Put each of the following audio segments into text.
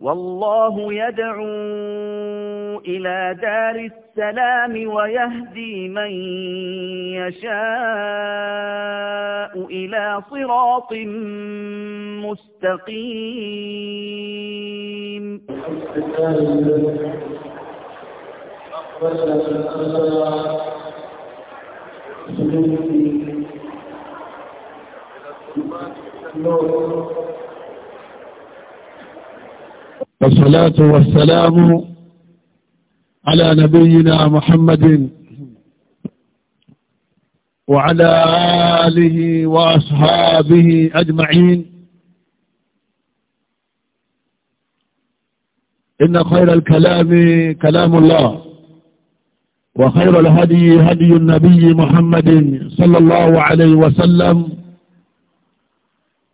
والله يدعو إلى دار السلام ويهدي من يشاء إلى صراط مستقيم Thank you. والصلاة والسلام على نبينا محمد وعلى آله وأصحابه أجمعين إن خير الكلام كلام الله وخير الهدي هدي النبي محمد صلى الله عليه وسلم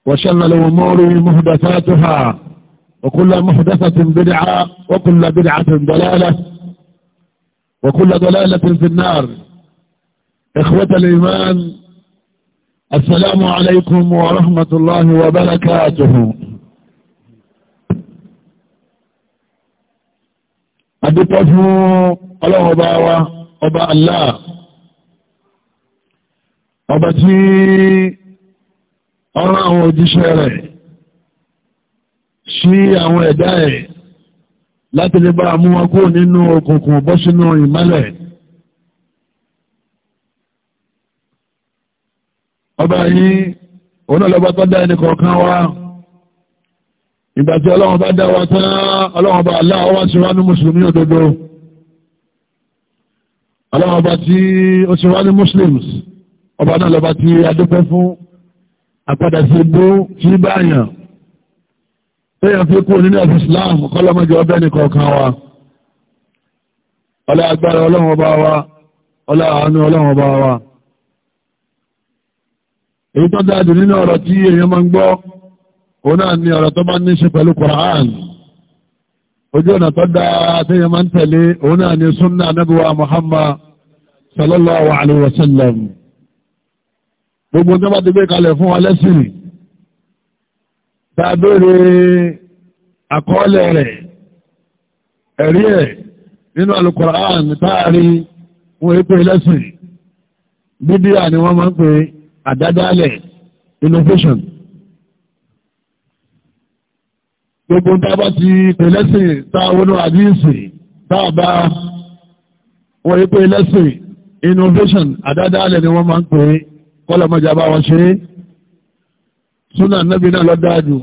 وشل الأمور مهدثاتها وكل محدثة بدعة وكل بدعة ضلالة وكل ضلالة في النار إخوة الإيمان السلام عليكم ورحمة الله وبركاته adúpẹ́ fún ọlọ́run ọba الله ọba Allah ọba tí sí àwọn ẹ̀dá ẹ̀ láti lè bá mú wọn kúrò nínú òkùnkùn bọ́ sínú ìmọ́lẹ̀ ọba yìí òun ọlọ́ba tó dá ẹnì kọ̀ọ̀kan wá ìgbà tí ọlọ́run bá dá wa tán ọlọ́run bá aláwọ̀ wá sí wa ní mùsùlùmí òdodo ọlọ́run ọba tí ó sì wá ní muslims ọba náà lọ́ba tí adúpẹ́ fún àpadà sí ibú tí báyàn lẹ́yìn fi kúrò nínú ẹ̀sìn Islam kọ́lọ́mọjọ ọbẹ̀ nìkan kan wa ọlá agbára ọlọ́run ọba wa ọlá àánú ọlọ́run ọba wa èyí tó dáadì nínú ọ̀rọ̀ tí èèyàn máa ń gbọ́ òun náà ni ọ̀rọ̀ tó bá ní ṣe pẹ̀lú Quran ojú ọ̀nà tó dáa tí èèyàn máa ń tẹ̀lé òun náà ni sunna anabiwa Muhammad sallallahu alayhi wa sallam gbogbo tó bá ti gbé kalẹ̀ fún wa lẹ́sìn tàbíre àkọọ́lẹ̀ rẹ̀ ẹ̀rí ẹ̀ nínú Al-Qur'an táàrí wọn èpè lẹ́sìn bíbíà ni wọ́n máa ń pè àdádálẹ̀ innovation gbogbo tá a bá ti pè lẹ́sìn tá a wọnú àdíyèsí wọn èpè lẹ́sìn innovation àdádálẹ̀ ni wọ́n máa ń pè kọ́lọ̀mọ́jà bá wọn ṣe é súnà nẹ́bí náà lọ dáájú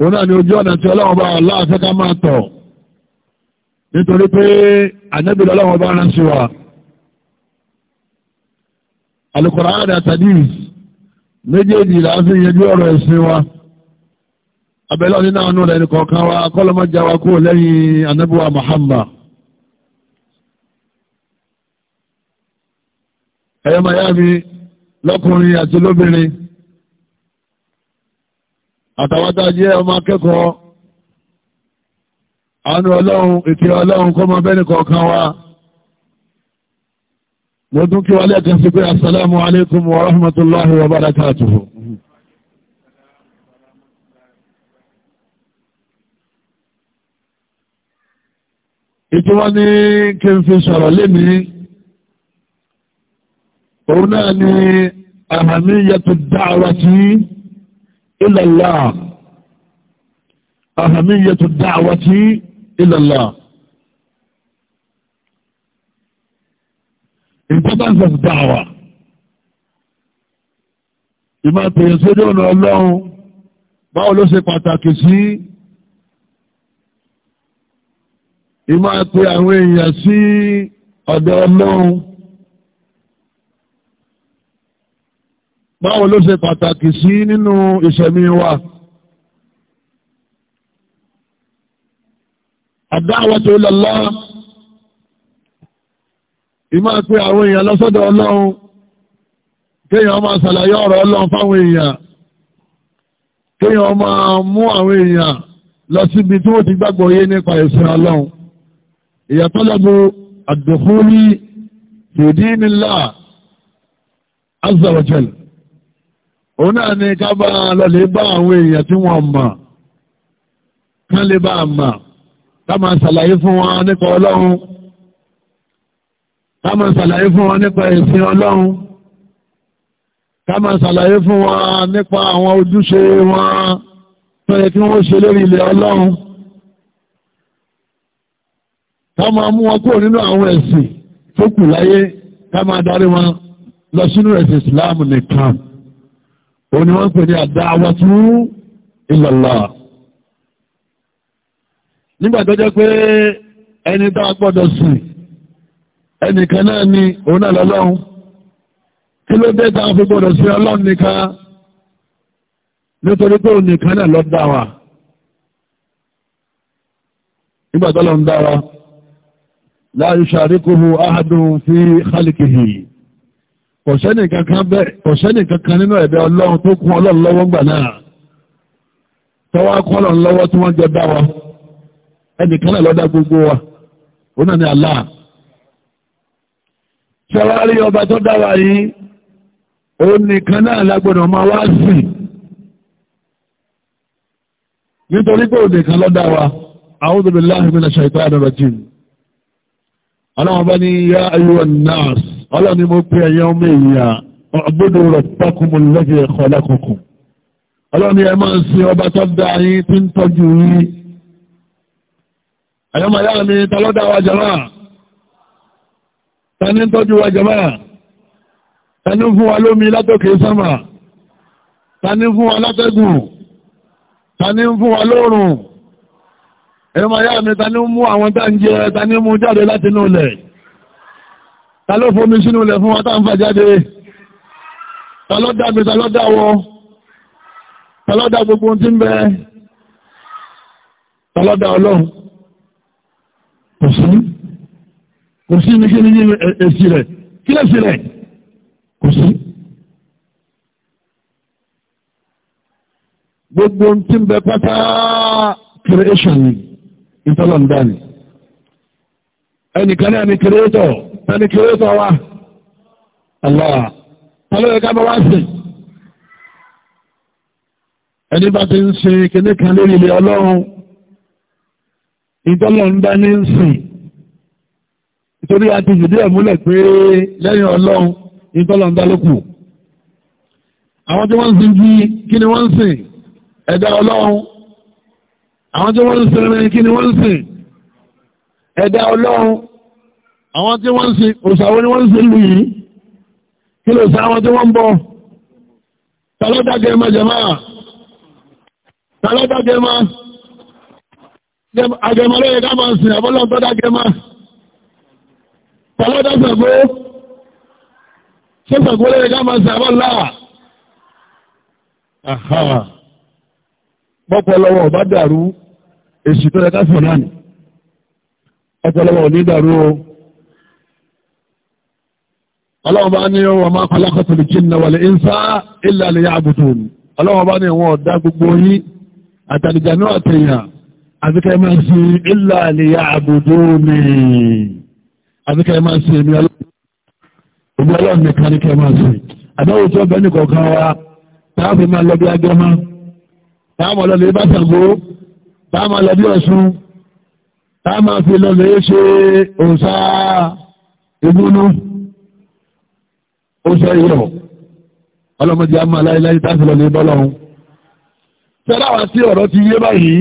òun náà ni ojú ọ̀nà tí ọlọ́run bá aláàfẹ́ ká máa tọ̀ nítorí pé ànẹ́bí lọ́lọ́run bá rán sí wa Al-Qur'an àtàdís méjèèjì láàfin yẹjú ọ̀rọ̀ ẹ̀sìn wa abẹ́lẹ́ nínú àánú rẹ̀ nìkọ̀ọ̀kan wa kọ́lọ́mọ́já wa kúrò lẹ́yìn ànẹ́bí wa Muhammad ẹ̀yọ́ mayami lọ́kùnrin àti lóbìnrin àtàwátá jẹ́ ọmọ akẹ́kọ̀ọ́ àánú ọlọ́run ìkẹ́ ọlọ́run kọ́ máa bẹ́ni kọ̀ọ̀kan wa mo dún kí wa lẹ́ẹ̀kan sí pé assalamu alaikum wa rahmatullahi wa barakatuhu ìtí ní kí n fi sọ̀rọ̀ lémi òun náà ni àhàmíyàtò dáwà tí إلا الله أهمية الدعوة إلى الله importance of da'wah ìmọ̀ tèyẹ̀sọ́jọ́ ọ̀nà ọlọ́run báwo ló ṣe pàtàkì sí ìmọ̀ pé àwọn èèyàn sí ọ̀dọ̀ ọlọ́run báwo ló ṣe pàtàkì sí nínú ìṣẹ̀mí wa. àdáwọ̀tò lọ́lá ìmá pé àwọn èèyàn lọ́sọ́dọ̀ ọlọ́run kéèyàn máa ṣàlàyé ọ̀rọ̀ ọlọ́run fáwọn èèyàn kéèyàn máa mú àwọn èèyàn lọ síbi tí wọ́n ti gbàgbọ́ yé nípa ẹ̀sìn ọlọ́run ìyàtọ̀ lọ́gbọ́ àdùnkúrí fìdí nílá azza òun náà ni ká bá lọ́lẹ̀ bá àwọn èèyàn tí wọ́n mọ̀ kán lè bá mọ̀ ká máa ṣàlàyé fún wọn nípa ọlọ́run ká máa ṣàlàyé fún wọn nípa ẹ̀sìn ọlọ́run ká máa ṣàlàyé fún wọn nípa àwọn ojúṣe wọn tó yẹ kí wọ́n ṣe lórí ilẹ̀ ọlọ́run ká máa mú wọn kúrò nínú àwọn ẹ̀sìn tó kù láyé ká máa darí wọn lọ sínú ẹ̀sìn Islam nìkan òun ni wọ́n ń pè ní àdáwọ́tú ìlọ̀lọ̀ nígbà tó jẹ́ pé ẹni tá a gbọ́dọ̀ sùn ẹnìkan náà ni òun náà lọ́lọ́run kí ló dé tá a fi gbọ́dọ̀ sí ọlọ́run nìkan nítorí pé òun nìkan náà ló dá wa nígbà tó lọ́n dá wa la yushārikuhu ahadun fī khalqihi. ọ̀sẹ́nì kankan nínú ẹ̀dẹ́ ọlọ́run tó kún ọlọ́run lọ́wọ́ ńgbà náà tọ́wọ́ kún ọlọ́run lọ́wọ́ tí wọ́n wa náà lọ́dá gbogbo wa ó náà ní Allah ṣọwárí ọba tó dá wa yìí òun nìkan náà lágbọ́dọ̀ máa wá ka nítorí pé òun nìkan lọ́dá wa a'udhu rajim ọlọ́run bá ní yá ọlọ́ni mo pé ẹ̀yẹ ọmọ èèyàn ọgbọ́dọ̀ rẹ̀ pọ́kùnmù lẹ́gẹ̀ ẹ̀kọ́ lẹ́kùnkùn ọlọ́ni ẹ máa ń sin ọba tó dá yín tí ń tọ́jú yín àyọ́mọ̀yá mi tọ́lọ́dá wa jàmá tani ń tọ́jú wa jàmá tani ń fún wa lómi látòkè sánmà tani ń fún wa látẹ́gùn tani ń fún wa lóòrùn ẹ̀yọ́mọ̀yá mi tani ń mú àwọn tá tani ń mú jáde látinú ilẹ̀ ta ló fomi sínú ilẹ̀ fún wa tá ń fà jáde ta ló dá mi ta ló dá wọ ta ló dá gbogbo ohun tí ń bẹ ta ló dá ọlọ́run kò sí kò sí ní e-, tí ń bẹ pátá creation ni ìtọ́lọ̀ ń dá ni ẹnìkan náà ni creator tani kí ó sọ wa Allah tani ó yẹ ká bá wá sí ẹni bá ti ń ṣe kíní kan lórí ilé ọlọ́run ìtọ́lọ̀ ń dá ní ń sìn nítorí a ti fìdí ẹ̀ múlẹ̀ pé lẹ́yìn ọlọ́run ìtọ́lọ̀ ń dá lókù àwọn tí wọ́n ń sin jí kí ni wọ́n ń sìn ẹ̀dá ọlọ́run àwọn tí wọ́n ń sin rìn kí ni wọ́n ń sìn ẹ̀dá ọlọ́run àwọn tí wọ́n ń ṣe òṣàwọ́ ni wọ́n ń ṣe lù yìí kí ló sá àwọn tí wọ́n ń bọ̀ tàlọ́dàgẹ́ ma jẹ̀má tàlọ́dàgẹ́ ma agẹ́mọ́ lóye ká máa sìn àbọ́lọ́ tọ́dàgẹ́ ma tàlọ́dàgbó sọ́sàgbó lóye ká máa sìn àbọ́lá bọ́pọ̀ lọ́wọ́ ọba dàrú èsì tó yẹ ká sọ̀ náà ọ̀pọ̀lọpọ̀ ní dàrú o ọlọ́wọ́ bá ní ọwọ́ máa kọlákọ̀tò lè jìnnà wà lè ń sá ilẹ̀ àlè yá àbùtò ní ọlọ́wọ́ bá ní ìwọ̀n ọ̀dá gbogbo yí àtàlìjànú àtẹ̀yà àbíkẹ́ máa ṣe ilẹ̀ àlè yá àbùtò ní àbíkẹ́ máa ṣe èmi ọlọ́run nìkan ní kẹ́ máa ṣe àbẹ́wò tó bẹ́ẹ̀ nìkan kan wa táàfin máa lọ bí agẹ́má táàmù ọlọ́lẹ̀ bá ṣàgbó ó ṣe yọ ọlọ́mọdé á máa láyéláyé táfi lọ ní bọ́lọ́run tẹ́lá wa sí ọ̀rọ̀ ti yé báyìí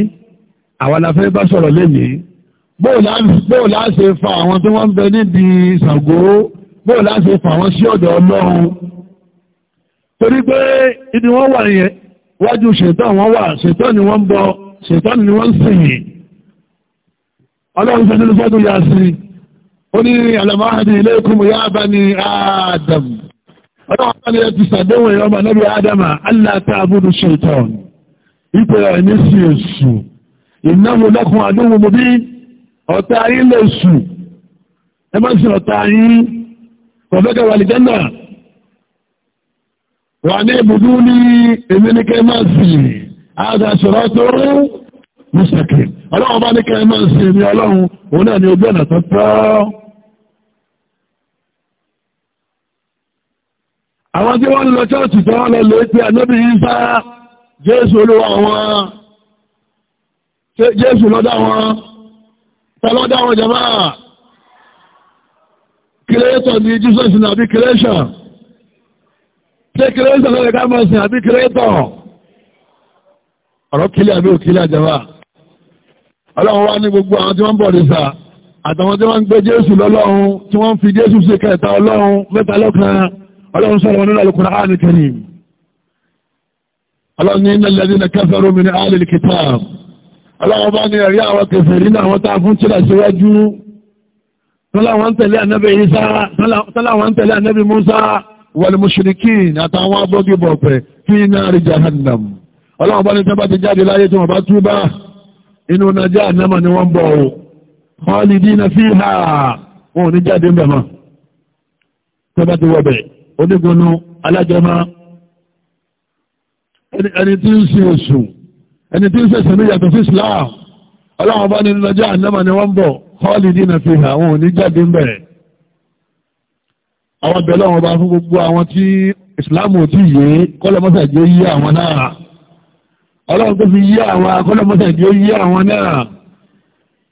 àwọn la fẹ́ bá sọ̀rọ̀ lénìí bóòlá ṣe fa àwọn tí wọ́n ń bẹ níbi Ṣàngó bóòlá ṣe fa àwọn sí ọ̀dọ̀ Ọlọ́run torí pé ibi wọ́n wà yẹn wájú ṣètọ́ wọn wà ṣètọ́ ni wọ́n ń bọ ṣètọ́ ni wọ́n ń sìn Ọlọ́run ṣe nínú sọ́dún yá sí ó ní alamahadi ilaykum ya bani Adam ọlọ́wọ́ alẹ́ ti sàdéwọ̀ ìyọ́mà náà adama aláta abúrú ṣaitan ipò ẹ̀ní sí èṣù ìnáwó lọ́kùn àdúgbò mú bí ọ̀tá yín lè ṣù ẹ má sí ọ̀tá yín kọ̀fẹ́kẹ́ wà lìjẹ́nà wà ní ibùdó ní èmi ní kẹ́ máa sì àgbà sọ̀rọ̀ tó rú mùsàkì ọlọ́wọ́ bá kẹ́ máa sì èmi ọlọ́run òun náà ni ojú ọ̀nà tó tọ́ àwọn tí wọ́n lọ chọ́ọ̀tì tó wọ́n lọ lè pé ànábì Ìsá jésù olúwa wọn jésù lọ́dá wọn tọ́lọ́dá wọn jàmá kìrẹ́tọ̀ ní jesus ní àbí kìrẹ́ṣọ̀ tí kìrẹ́ṣọ̀ lọ́rẹ̀ ká mọ̀ sí àbí kìrẹ́tọ̀ ọ̀rọ̀ kílẹ̀ àbí òkílẹ̀ àjàmá ọlọ́run wá ní gbogbo àwọn tí wọ́n ń bọ̀ ní sá àtàwọn tí wọ́n ń gbé jésù lọ́lọ́run tí wọ́n ń fi jésù ṣe kẹta ọlọ́run mẹ́ta lọ́kan ọlọ́run sọ̀rọ̀ nínú Al-Qur'an Karim ọlọ́run ní innal ladhina kafaru min ahli al-kitab ọlọ́run bá ní ẹ̀rí àwọn kẹfẹ̀rí náà wọ́n tá fún tíra síwájú tọ́láwọn tẹ̀lé ànábì Isa tọ́láwọn tẹ̀lé ànábì Musa wal mushrikin àtàwọn abọ́gibọ̀pẹ̀ fi nari jahannam ọlọ́run bá ní tẹ́bá ti jáde láyé inú na jahannama ni wọ́n bọ̀ ọ́ khalidina fiha wọn ò ní jáde ń bẹ̀ mọ́ ti wọ̀ onígunnu alájọmọ́ ẹni tí ń sin oṣù ẹni tí ń sẹ̀sẹ̀ ní yàtọ̀ sí Islam ọlọ́run bá ní lọ́jọ́ ànámà ni wọ́n ń bọ̀ họ́ọ̀lì dínà fi hàn àwọn òní jáde ń bẹ̀rẹ̀ àwọn bẹ̀rẹ̀ ọ̀run bá fún gbogbo àwọn tí Islam ò tí yé kọ́lọ́mọ́sàgbé yé àwọn náà ọlọ́run tó fi yé àwọn akọ́lọ́mọ́sàgbé yé àwọn náà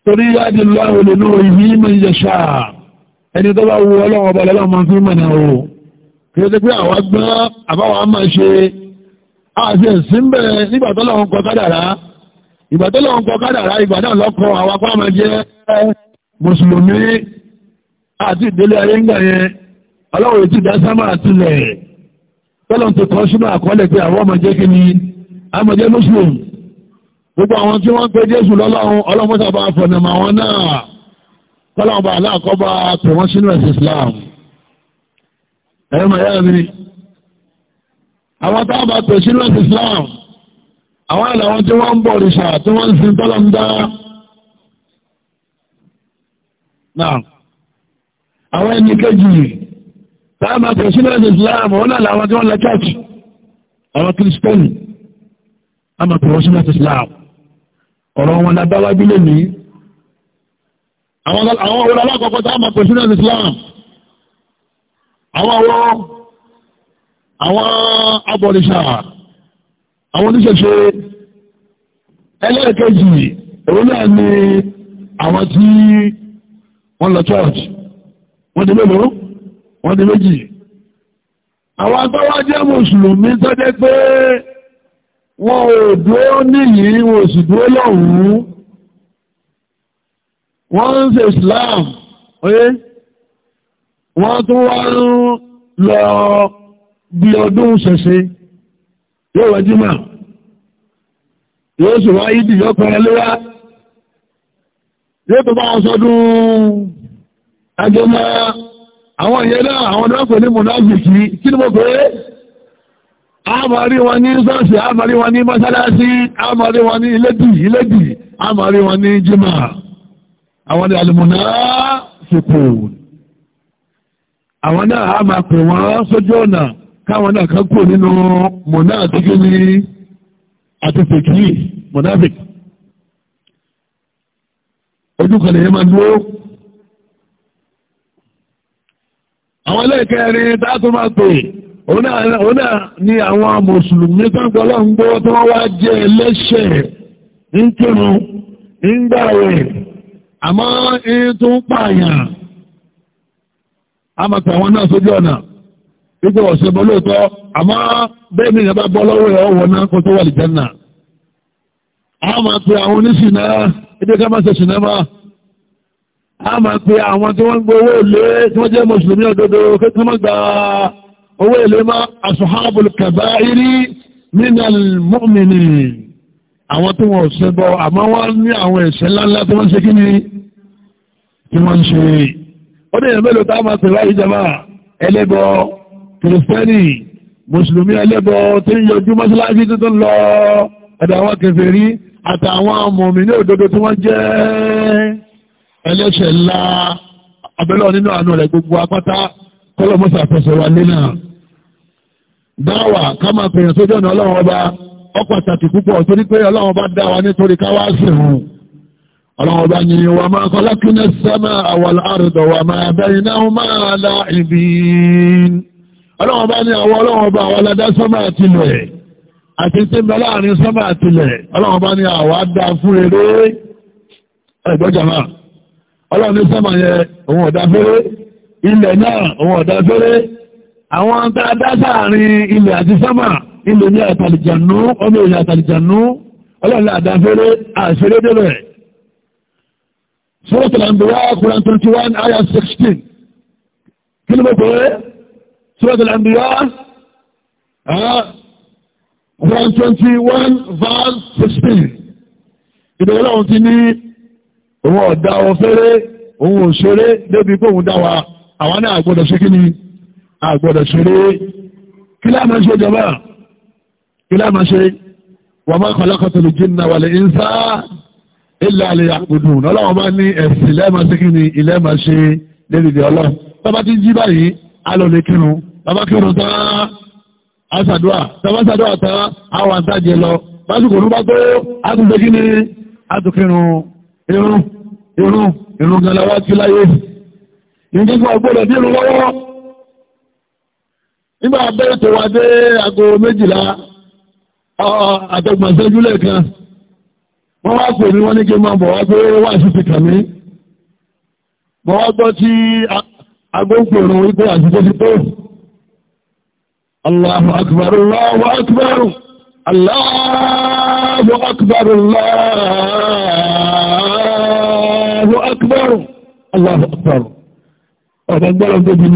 torí yáàdì lọ́wọ́ lè lórí yìí ẹni tó bá wu ọlọ́run ọba lọ́wọ́ máa fi mọ̀ náà kí ó ṣe pé àwọn gbọ́n àbáwọn máa ṣe àṣẹ ìsínbẹ̀ nígbà tó lọ́wọ́ ń kọ kádàrá ìgbà tó lọ́wọ́ ń kọ kádàrá ìgbà náà lọ́kọ̀ àwọn apá máa jẹ́ mùsùlùmí àti ìdílé ayé ń gbà yẹn ọlọ́wọ́ ètí ìdásámà àtìlẹ̀ tọ́lọ̀ ti kọ́ sínú àkọọ́lẹ̀ pé àwọn ọmọ jẹ́ kí ni àmọ́ jẹ́ mùsùlùmí gbogbo àwọn tí wọ́n pe jésù lọ́lọ́run ọlọ́mọ́sàbà fọ̀nàmà wọn náà Islam." ẹ̀rọ màá yára mi àwọn tá a bá pè sí láti Islam àwọn àlàwọn tí wọ́n ń bọ̀ rìṣà tí wọ́n ń sin tọ́lọ̀ ń dá náà àwọn ẹni kejì tá a bá pè sí láti Islam àwọn àlàwọn tí wọ́n lọ church àwọn kírísítẹ́nì a máa pè wọ́n sí láti Islam ọ̀rọ̀ wọn lábáwájú lè ní àwọn ọ̀rọ̀ alákọ̀ọ́kọ́ tá a máa pè sí láti Islam àwọn àwọn àwọn abọ̀rìṣà àwọn oníṣẹ̀ṣe ẹlẹ́ẹ̀kejì òun náà ni àwọn tí wọ́n lọ church wọ́n di mélòó wọ́n di méjì àwọn agbáwá jẹ́ mùsùlùmí tó jẹ́ pé wọn ò dúró níyìí wọn ò sì dúró lọ́hùn-ún wọ́n ń ṣe Islam oyé. Okay? wọ́n tún wá ń lọ bí ọdún ṣẹ̀ṣẹ̀ yóò wá jímọ̀ yóò sì wá yídì yóò pẹ̀rẹ̀ léwá yóò tó bá wọn sọdún agẹmọ àwọn ìyẹn náà àwọn dọ́kọ̀ ní mùnáfìkì kí ni mo pè é àmàrí wọn ní sọ́ọ̀sì àmàrí wọn ní mọ́sálásí àmàrí wọn ní ilédì ilédì àmàrí wọn ní jímọ̀ àwọn ni àlùmùnáfìkùn àwọn náà á máa pè wọ́n sójú ọ̀nà káwọn náà kan kúrò nínú mọ̀nà àti kíni àti fèkì ojú kan lèyẹ máa dúró àwọn ẹlẹ́ẹ̀kẹrin máa pè òun náà ni àwọn mùsùlùmí tó ń wọ́n wá jẹ́ ẹlẹ́ṣẹ̀ ń kírun ń gbàwẹ̀ àmọ́ a máa pè àwọn náà sójú ọ̀nà wípé ọ̀sẹ̀ bọ́ lóòótọ́ àmọ́ bẹ́ẹ̀ ni ìyàbá bọ́ lọ́wọ́ ẹ̀ ọ̀wọ̀ náà kó tó wà lìjẹ́ náà a máa pè àwọn oníṣìnà ibi ká máa ṣe sinimá a máa pè àwọn tí wọ́n ń gbowó èlé tí wọ́n jẹ́ mùsùlùmí òdodo kí wọ́n gba owó èlé má ashabul kabairi minal mu'minin àwọn tí wọ́n ṣe bọ́ àmọ́ wọ́n ní àwọn ẹ̀ṣẹ̀ ńláńlá tí wọ́n ṣe kí ó dẹ̀ mẹ́lò tá a máa pè báyìí jama ẹlẹ́bọ kìrìsìtẹ́nì mùsùlùmí ẹlẹ́bọ tí ń yọjú mọ́ṣáláṣí tuntun lọ ọ̀dọ̀ àwọn kèfèrí àtàwọn mùmínì òdodo tí wọ́n jẹ́ ẹlẹ́ṣẹ̀ ńlá abẹ́lọ́ nínú àánú rẹ̀ gbogbo apáta kọ́lọ́mọ́sà fẹsẹ̀ wa lé dáwà ká máa pèèyàn sójú ọ̀nà ọlọ́run ọba ó ọlọ́run bá yin wa máa kọ́ lákínà sẹ́mà àwọn àrùdọ̀ wà máa bẹ́yìn náà máa la ìbí ọlọ́run bá ní àwọn ọlọ́run bá àwọn aládá sọ́mà àtìlẹ̀ àti tí ń bẹ láàrin sọ́mà àtìlẹ̀ ọlọ́run bá ní àwọn adá fún eré ẹ̀gbọ́jàmá ọlọ́run ní sọ́mà yẹn òun ọ̀dá fẹ́rẹ́ ilẹ̀ náà òun ọ̀dá fẹ́rẹ́ àwọn Surah Al-Anbiya, Quran 21, Ayah 16. Kí ló mọ̀ pé? Surah Al-Anbiya, ah, Quran 21, verse 16. Ìbẹ̀rẹ̀ láwọn ti ní òun ọ̀dá ọ fẹ́rẹ́, òun ò ṣeré débi pé òun dá wa, àwọn náà àgbọ́dọ̀ ṣe kí ni? Àgbọ́dọ̀ ṣeré. Kí láà ṣe jọba? Kí láà máa ṣe? Wa ma khalaqatul jinna wal insa ilẹ̀ alẹ́ àkùdùn ọlọ́run bá ní ẹ̀sìn lẹ́ẹ̀ma sí kí ni ilẹ̀ ma ṣe lédìdì ọlọ́run bàbá ti jí báyìí alọ́lẹ̀ kírun bàbá kírun tán asàdúà bàbá sàdúà tán àwọn àtàjẹ lọ básùkò ní bá tó àtúnṣe kí ni àtúnkírun irun irun irun gan làwọn ti láyé ìdíkù ọgbọ́dọ̀ bí irun lọ́wọ́ nígbà abẹ́rẹ́ tó wá dé aago méjìlá àtọ̀gbọ̀nsẹ́jú lẹ́ẹ̀kan wọ́n wá pè ní wọ́n ní kí n máa bọ̀ wá pé wà sí kàmí mọ́ wá gbọ́ tí agbóǹkòrò wípé àṣìṣe ti tó Allahu akbar Allahu akbar Allahu akbar Allahu akbar Allahu akbar ọ̀dọ̀ gbọ́rọ̀ tó ní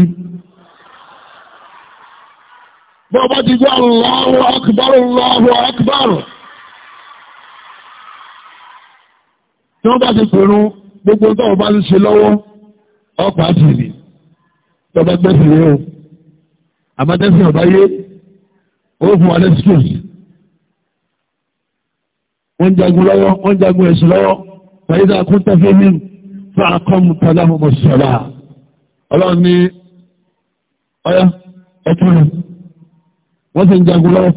bọ́ ti gbọ́ Allahu akbar Allahu akbar tí wọ́n bá ti pèrún gbogbo tó o bá ń ṣe lọ́wọ́ ọkọ̀ àti ìlì tó bá gbẹ́sì rẹ o àmọ́tẹ́sì ọ̀bá yé ó fún wa lẹ́sìkìs wọ́n ń jagun lọ́wọ́ wọ́n ń jagun ẹ̀sìn lọ́wọ́ fàyídà kún tẹ́fẹ́ mi fún akọ́mu tàlámù mọ̀ṣọ́lá ọlọ́run ní ọyá ẹ̀kúnrin wọ́n sì ń jagun lọ́wọ́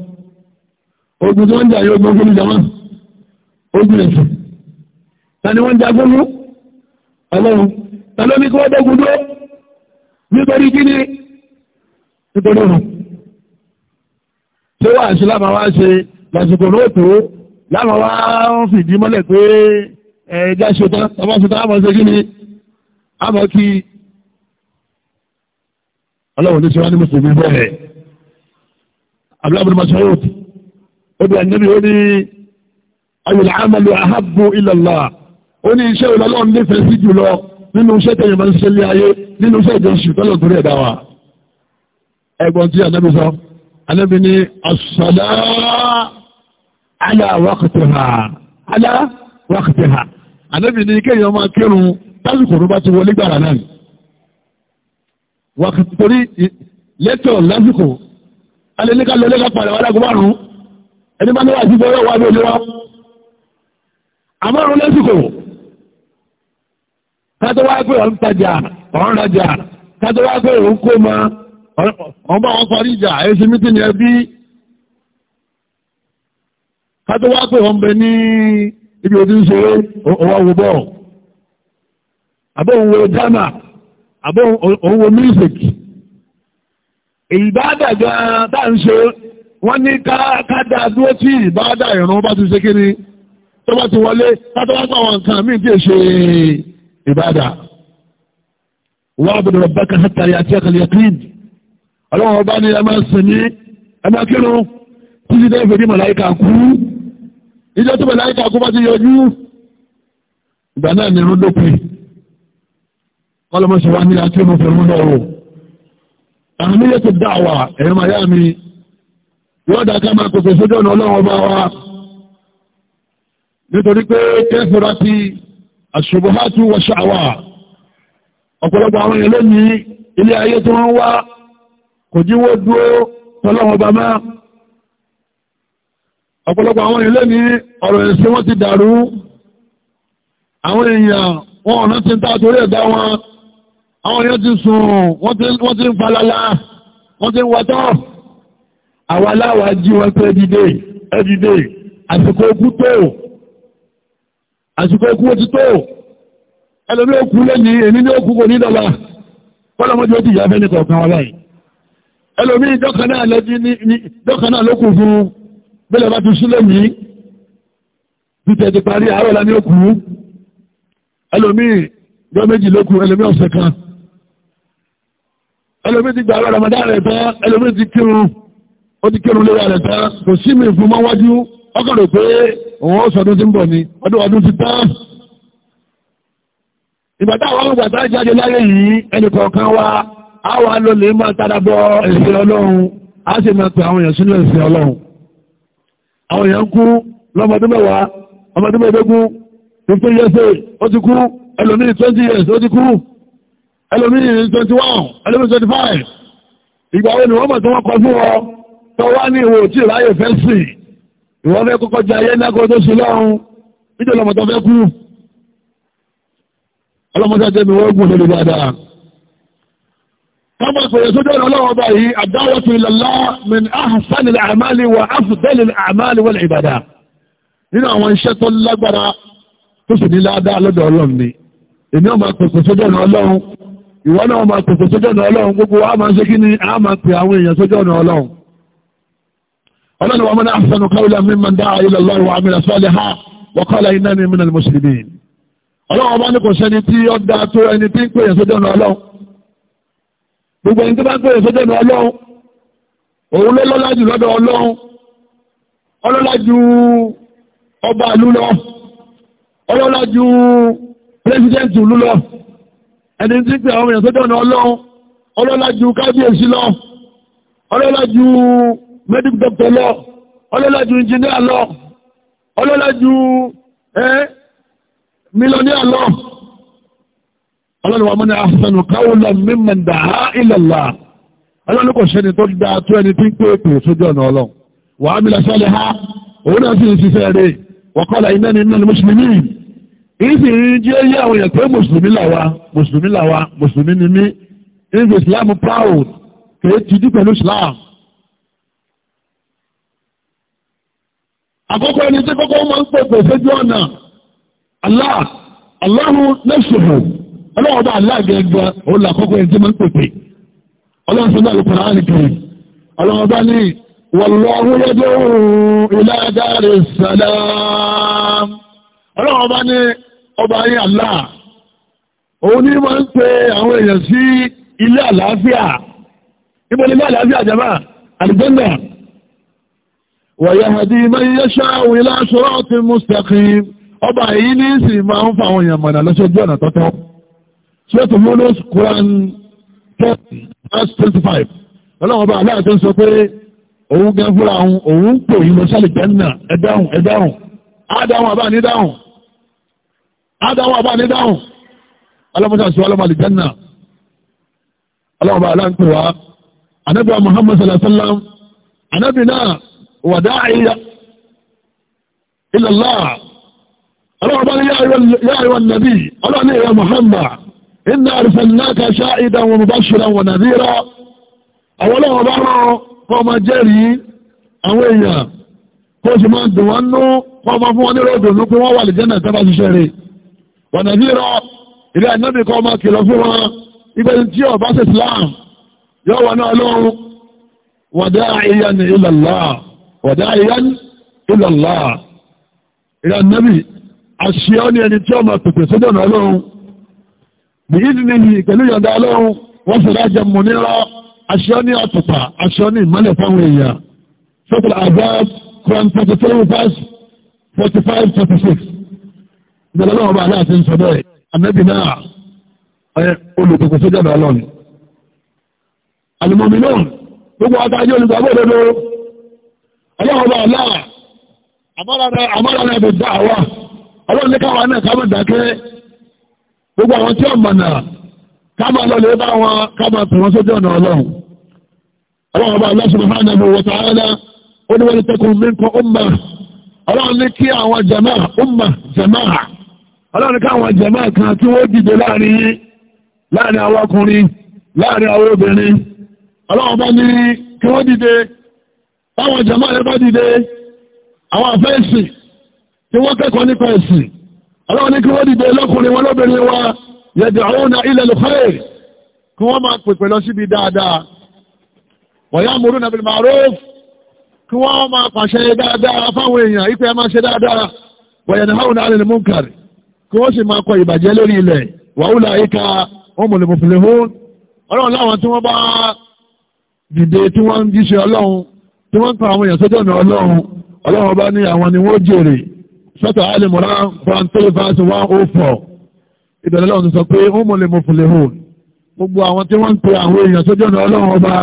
ogun tó ń jà yóò gbógun ní jàmá ogun ẹ̀sìn tani wọ́n jagun mú ọlọ́run tàló ní kí wọ́n dẹ́gun dúró nítorí kí ni nítorí ọ̀run tí ó wà sí láma wá ṣe lásìkò náà tó láma wá ń fìdí mọ́lẹ̀ pé ẹ̀ẹ́dá ṣetán ọmọ ṣetán àmọ́ ṣe kí ni àmọ́ kí ọlọ́run ní ṣíwá ní mùsùlùmí bẹ́ẹ̀ abúlábùn masoud ó bí àníbi ó ní iṣẹ́ ìlọ́lọ́run nífẹ̀ẹ́ sí jùlọ nínú iṣẹ́ tẹ̀yìn máa ń ṣe lé ayé nínú iṣẹ́ ìjọsìn tọ́lọ̀ torí ẹ̀dá wa ẹgbọ́n tí anábì sọ anábì ní as-salā ʿalā waqtihā ʿalā waqtihā anábì ní kéèyàn máa kírun tásìkò tó bá ti wọlé gbàrà náà wákàtí torí lẹ́tọ̀ lásìkò alẹ́lẹ́ka lọ́lẹ́ka padà wà lágùn ún ẹni bá ní wà sí fọwọ́ wà olúwa àmọ́rún lásìkò kátó wá pé ọ̀n tajà ọ̀n rajà kátó wá pé òun kó ma ọmọ wọn parí ìjà èsì mítí ni ẹbí kátó wá pé ọ̀n bẹ ní ibi òdi ń ṣe ọwọ́ wò bọ̀ àbọ̀ òun wo drama àbọ̀ òun wo music èyí bá dàgbà tá ń ṣe wọ́n ní ká dá dúró tí ìbáradà ìrún bá ti ṣe kí ni tó bá ti wọlé kátó wá pé àwọn nǹkan míì tí ṣe é ìbáàdà wa'budu rabbaka hatta ya'tiyaka al-yaqin ọlọ́wọ́ bá ní ẹmà sẹ̀mí ẹmà kírun títí dẹ́ ìfèdí màláìkà kú ìjọ tó màláìkà kú bá ti yọjú ìgbà náà ní irun dópin kọlọmọsọ wa ní akírun fẹ̀rún lọ́wọ́ àwọn ilé tó dá wa ẹ̀rọ màyá mi yóò dá ká máa pèsè sójú ọ̀nà ọlọ́wọ́ bá wa nítorí pé kẹfìrà ti àṣùbọ̀hátù wọ ṣàwà ọ̀pọ̀lọpọ̀ àwọn èèyàn lónìí ilé ayé tí wọ́n wá kò jíwó dúó tọ́lọ́wọ́n bá máa ọ̀pọ̀lọpọ̀ àwọn èèyàn lónìí ọ̀rọ̀ ẹ̀sìn wọ́n ti dàrú àwọn èèyàn wọn ọ̀nà ti ń ta torí ẹ̀dá wọn àwọn èèyàn ti sùn wọ́n ti ń falala wọ́n ti ń wọ́tọ́ àwa láwa wọn pé ẹdìdè ẹdìdè àsìkò ogún àsìkò ikú ti tó ẹlòmí òkú lónìí èmi ní òkú kò ní dọ́là kọ́lọ́mọdé ó ti yà fẹ́ nìkan kan wáyé ẹlòmí dọ́kàn náà ló kù fún bẹ́lẹ̀ bá ti sún lónìí títẹ̀ ti parí àárọ̀ lá ní òkú ẹlòmí yọ méjì ló kù ẹlòmí ọ̀sẹ̀ kan ẹlòmí ti gbà ramadan rẹ̀ tán ẹlòmí ti kírun ó ti kírun lórí rẹ̀ tán kò sí mi fún mọ́wájú ọkọ̀ rò pé òun ó sọdún tí ń bọ̀ ni ọdún ọdún ti tán ìgbàtà àwọn ìgbàtà jáde láyé yìí ẹnìkọ̀ọ̀kan wa a wà ló lè máa tara bọ ẹ̀sìn ọlọ́run a sì máa pe àwọn èèyàn sínú ẹ̀sìn ọlọ́run àwọn èèyàn kú lọ́mọdún mẹ́wàá ọmọdún mẹ́ẹ̀ẹ́dógún fifteen years old ó ti kú ẹlòmíì twenty years ó ti kú ẹlòmíì twenty one ẹlòmíì twenty five ìgbà wo ni wọ́n mọ̀ tí wọ́n kọ fún ọ tọ́wá ní ìwò tí ìráyè fẹ́ sìn ìwọ́n fẹ́ kọ́kọ́ jẹ ayé ńlá kó tó ṣe lọ́run nítorí ọmọ tó fẹ́ kú ọlọ́mọ tó tẹ́mi wọ́n gùn lórí dáadáa ọmọ ìpèrè sójú ọ̀nà ọlọ́wọ́ báyìí àdáwọ̀tò ìlàlá min ahsan al-a'mali wa afdal al-a'mali wal ibada nínú àwọn iṣẹ́ tó lágbára tó sì ní ládàá lọ́dọ̀ ọlọ́run ni èmi ọlọ́ni wa mọ́nà àfẹ́nu káwílà mímọ̀ dá ilẹ̀ lọ́wọ́ àmìlà sọ́ọ̀lẹ̀ ha wọ́kọ́lá iná ní mìíràn mùsùlùmí ọlọ́wọ́ bá ní kò sẹ́ni tí ó dá tó ẹni tí ń pè yẹn sójú ọ̀nà ọlọ́run gbogbo ẹni tí bá ń pè yẹn sójú ọ̀nà ọlọ́run òun ló lọ́lá jù lọ́dọ̀ ọlọ́run ọlọ́lá ju ọba ìlú lọ ju pírẹsidẹ́ǹtì ìlú ẹni tí ń pè àwọn èèyàn sójú ọ̀nà ọlọ́run ju kábíyèsí medic doctor lọ ọlọ́lá ju engineer lọ ọlọ́lá ju millionaire lọ ọlọ́lá wa man ahsanu qawlan mimman da'a ila Allah ọlọ́lá kò sẹ́ni tó dáa tó ẹni tí ń pè pè sójú ọ̀nà ọlọ́run wa amila salihan òun náà sì ń ṣiṣẹ́ rẹ̀ wọ́kọ́lá iná ni iná ni mùsùlùmí ìsì jẹ́ yé àwọn èèyàn pé mùsùlùmí làwa mùsùlùmí làwa mùsùlùmí ni mí ìsì islam proud kìí ti dí pẹ̀lú islam àkọ́kọ́ ẹni tí kọ́kọ́ máa ń pè pèsè jù ọ̀nà Allah Allahu nafsuhu ọlọ́wọ́ bá Allah gẹ́gẹ́ òun là kọ́kọ́ ẹni tí máa ń pè pè ọlọ́wọ́ sọ náà lùkùnrin àánì kiri ọlọ́wọ́ bá ní wallahu yad'u ila daris salam ọlọ́wọ́ bá ní ọba ayé Allah òun ní máa ń pe àwọn èèyàn sí ilé àlàáfíà ìbọn ilé àlàáfíà jama àlùjànnà ويهدي من يشاء إلى صراط مستقيم ọba èyí ní sì máa ń fa àwọn èèyàn mọ̀nà lọ́sọ́jú ọ̀nà tọ́tọ́ ṣéètò múlòs Quran ten verse twenty five ọlọ́run bá aláàtọ́ sọ pé òun wa anábìá Muhammad sallallahu alayhi wa sallam anábìá náà. وداعية إلى الله رغبا يا أيها النبي أراني يا محمد إنا أرسلناك شاهدا ومبشرا ونذيرا أولا وبرا قوم جري أويا قوس ما دوانو قوم فواني رودو نكو ووالي جنة تبا شري ونذيرا إلى النبي قوم كلفوا إذا انتيو باس إسلام يا لو وداعيا إلى الله wọ̀dá ìyáni ìlànlá ìrànlẹ́bì àṣíọ́ ní ẹni tí ó máa pèpè sódọ̀nà ọlọ́run bí i ní ní ìpẹ̀lú ìyọ̀dá ọlọ́run wọ́n sì rájẹ mú nírọ́ àṣíọ́ ní ọ̀tọ̀pà àṣíọ́ ní ìmọ́lẹ̀ fáwọn èèyàn sọ́kùnrin àgbà kran 33 verse 45 46 ìgbẹ̀lẹ́ ọlọ́run bá aláàfin sọ bẹ́ẹ̀ ànábì náà olùpèpè sódọ̀nà ọlọ́run náà gbogbo ala bá a náà bè dá àwa ọlọ́run ní káwa náà sábà dákẹ́ gbogbo àwọn tí ọmọ náà káàmà lọlẹ̀ bá wọn káàmà pè wọn sójú ọ̀nà ọlọ́run ọlọ́run bá wa ta'ala ó onye wọ́n takun minkum ummah ọlọ́run ní jama'a jama'a jama'a kan báwọn jàmá rẹ bá dìde àwọn àfẹ́sì tí wọ́n kẹ́kọ̀ọ́ nípa ẹ̀sìn ọlọ́run ní kí wọ́n dìde lọ́kùnrin wọn lóbìnrin wa yad'una ila al-khair kí wọ́n máa pèpè lọ síbi dáadáa wa ya'muruna bil ma'ruf kí wọ́n máa pàṣẹ dáadáa fáwọn èèyàn ìpè máa ṣe dáadáa wa yanhauna 'anil munkar tí wọ́n ń pa àwọn èèyàn sójú ọ̀nà ọlọ́run ọlọ́run ọba ní àwọn ni wọ́n jèrè sọ́tà alimọ̀ra van three verse one oh four ìbẹ̀rẹ̀ lọ́run sọ pé ó mọ̀lẹ́ mo fòlè hù gbogbo àwọn tí wọ́n ń pe àwọn èèyàn sójú ọ̀nà ọlọ́run ọba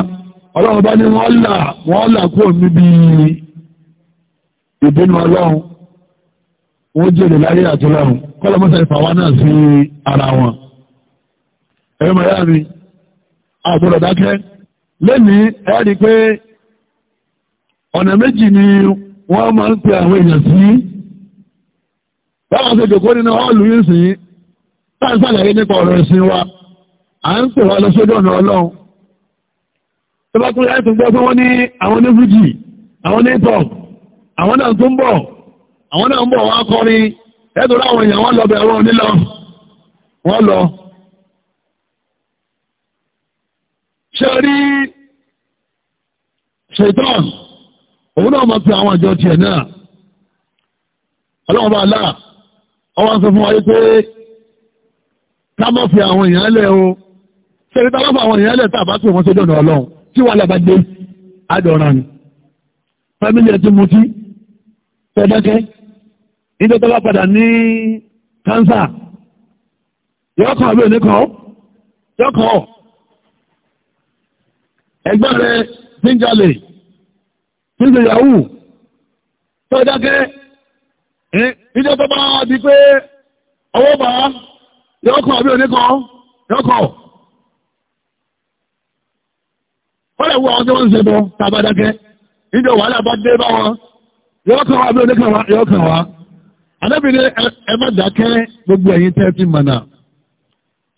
ọlọ́run ọba ní wọ́n là wọ́n là kúrò níbi ìbínú ọlọ́run wọ́n jèrè láyé àti lọ́run kọ́lọ́ mọ́sá ìfàwa náà sí ara wọn ẹ̀rọ mọ̀ yára mi àgbọ̀dọ̀ dákẹ́ lẹ́nìí ẹ̀rí pé ọ̀nà méjì ni wọ́n máa ń pe àwọn èèyàn sí báwọn ṣèjòkó nínú ọ́ọ̀lù yìí sí táà sàlàyé nípa ọ̀rọ̀ ẹ̀sìn wa à ń pè wá lọ sójú ọ̀nà ọlọ́run tó bá kúrò láti gbọ́ pé wọ́n ní àwọn ní fújì àwọn ní tọ̀ àwọn náà tó ń bọ̀ àwọn náà ń bọ̀ wá kọrin ẹ̀dùn láwọn èèyàn wọ́n lọ bẹ̀ wọ́n nílọ wọ́n lọ ṣe rí ṣètọ́nù òun náà máa pe àwọn àjọ tiẹ̀ náà ọlọ́run bá a láà ọwọ́ sọ fún wa pé ká má fi àwọn èèyàn lẹ̀ o ṣe ní tábà fún àwọn èèyàn lẹ̀ tá a bá pè wọ́n sójú ọ̀nà ọlọ́run tí wàhálà bá dé àdọ̀ràn ni fámílì ẹ̀ ti mutí tẹ́lẹ́kẹ́ nígbà tó bá padà ní kánsà yọkọ̀ àbí oníkọ̀ yọkọ̀ ẹgbẹ́ rẹ̀ níjàlè níbi ìyàwó tó dákẹ́ ìjọ tó bá di pé ọwọ́ bá yọkọ̀ àbí oníkọ̀ yọkọ̀ ó lè wú àwọn tó ń ṣe bọ́ tàbá dákẹ́ ìjọ wàhálà bá dé bá wọn yọkọ̀ àbí oníkọ̀ yọkọ̀ wa anábìnrin ẹ má dákẹ́ gbogbo ẹ̀yin tẹ́ ti mọ̀nà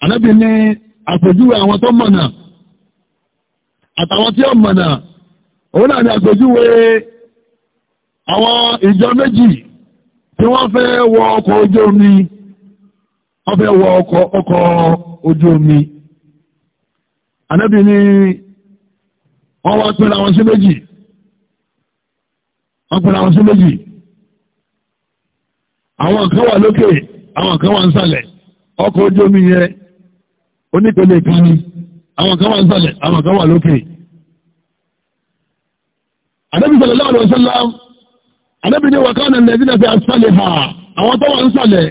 anábìnrin àpèjúwe àwọn tó mọ̀nà àtàwọn tí ó mọ̀nà òun náà ni àpèjúwe àwọn ìjọ méjì tí wọ́n fẹ́ wọ ọkọ̀ ojú omi wọ́n fẹ́ wọ ọkọ̀ ojú omi wọ́n wá pẹ́ra wọn sí méjì wọ́n pẹ́ra wọn sí méjì àwọn kan wà lókè àwọn kan wà ọkọ̀ ojú omi yẹ onípele kan ni àwọn kan wà ń sàlẹ̀ Ànábì sallallahu alaihi wasallam Ànábì ní wàkánà lẹ́bí náà fi àṣàlẹ̀ ha àwọn tó wà ń sàlẹ̀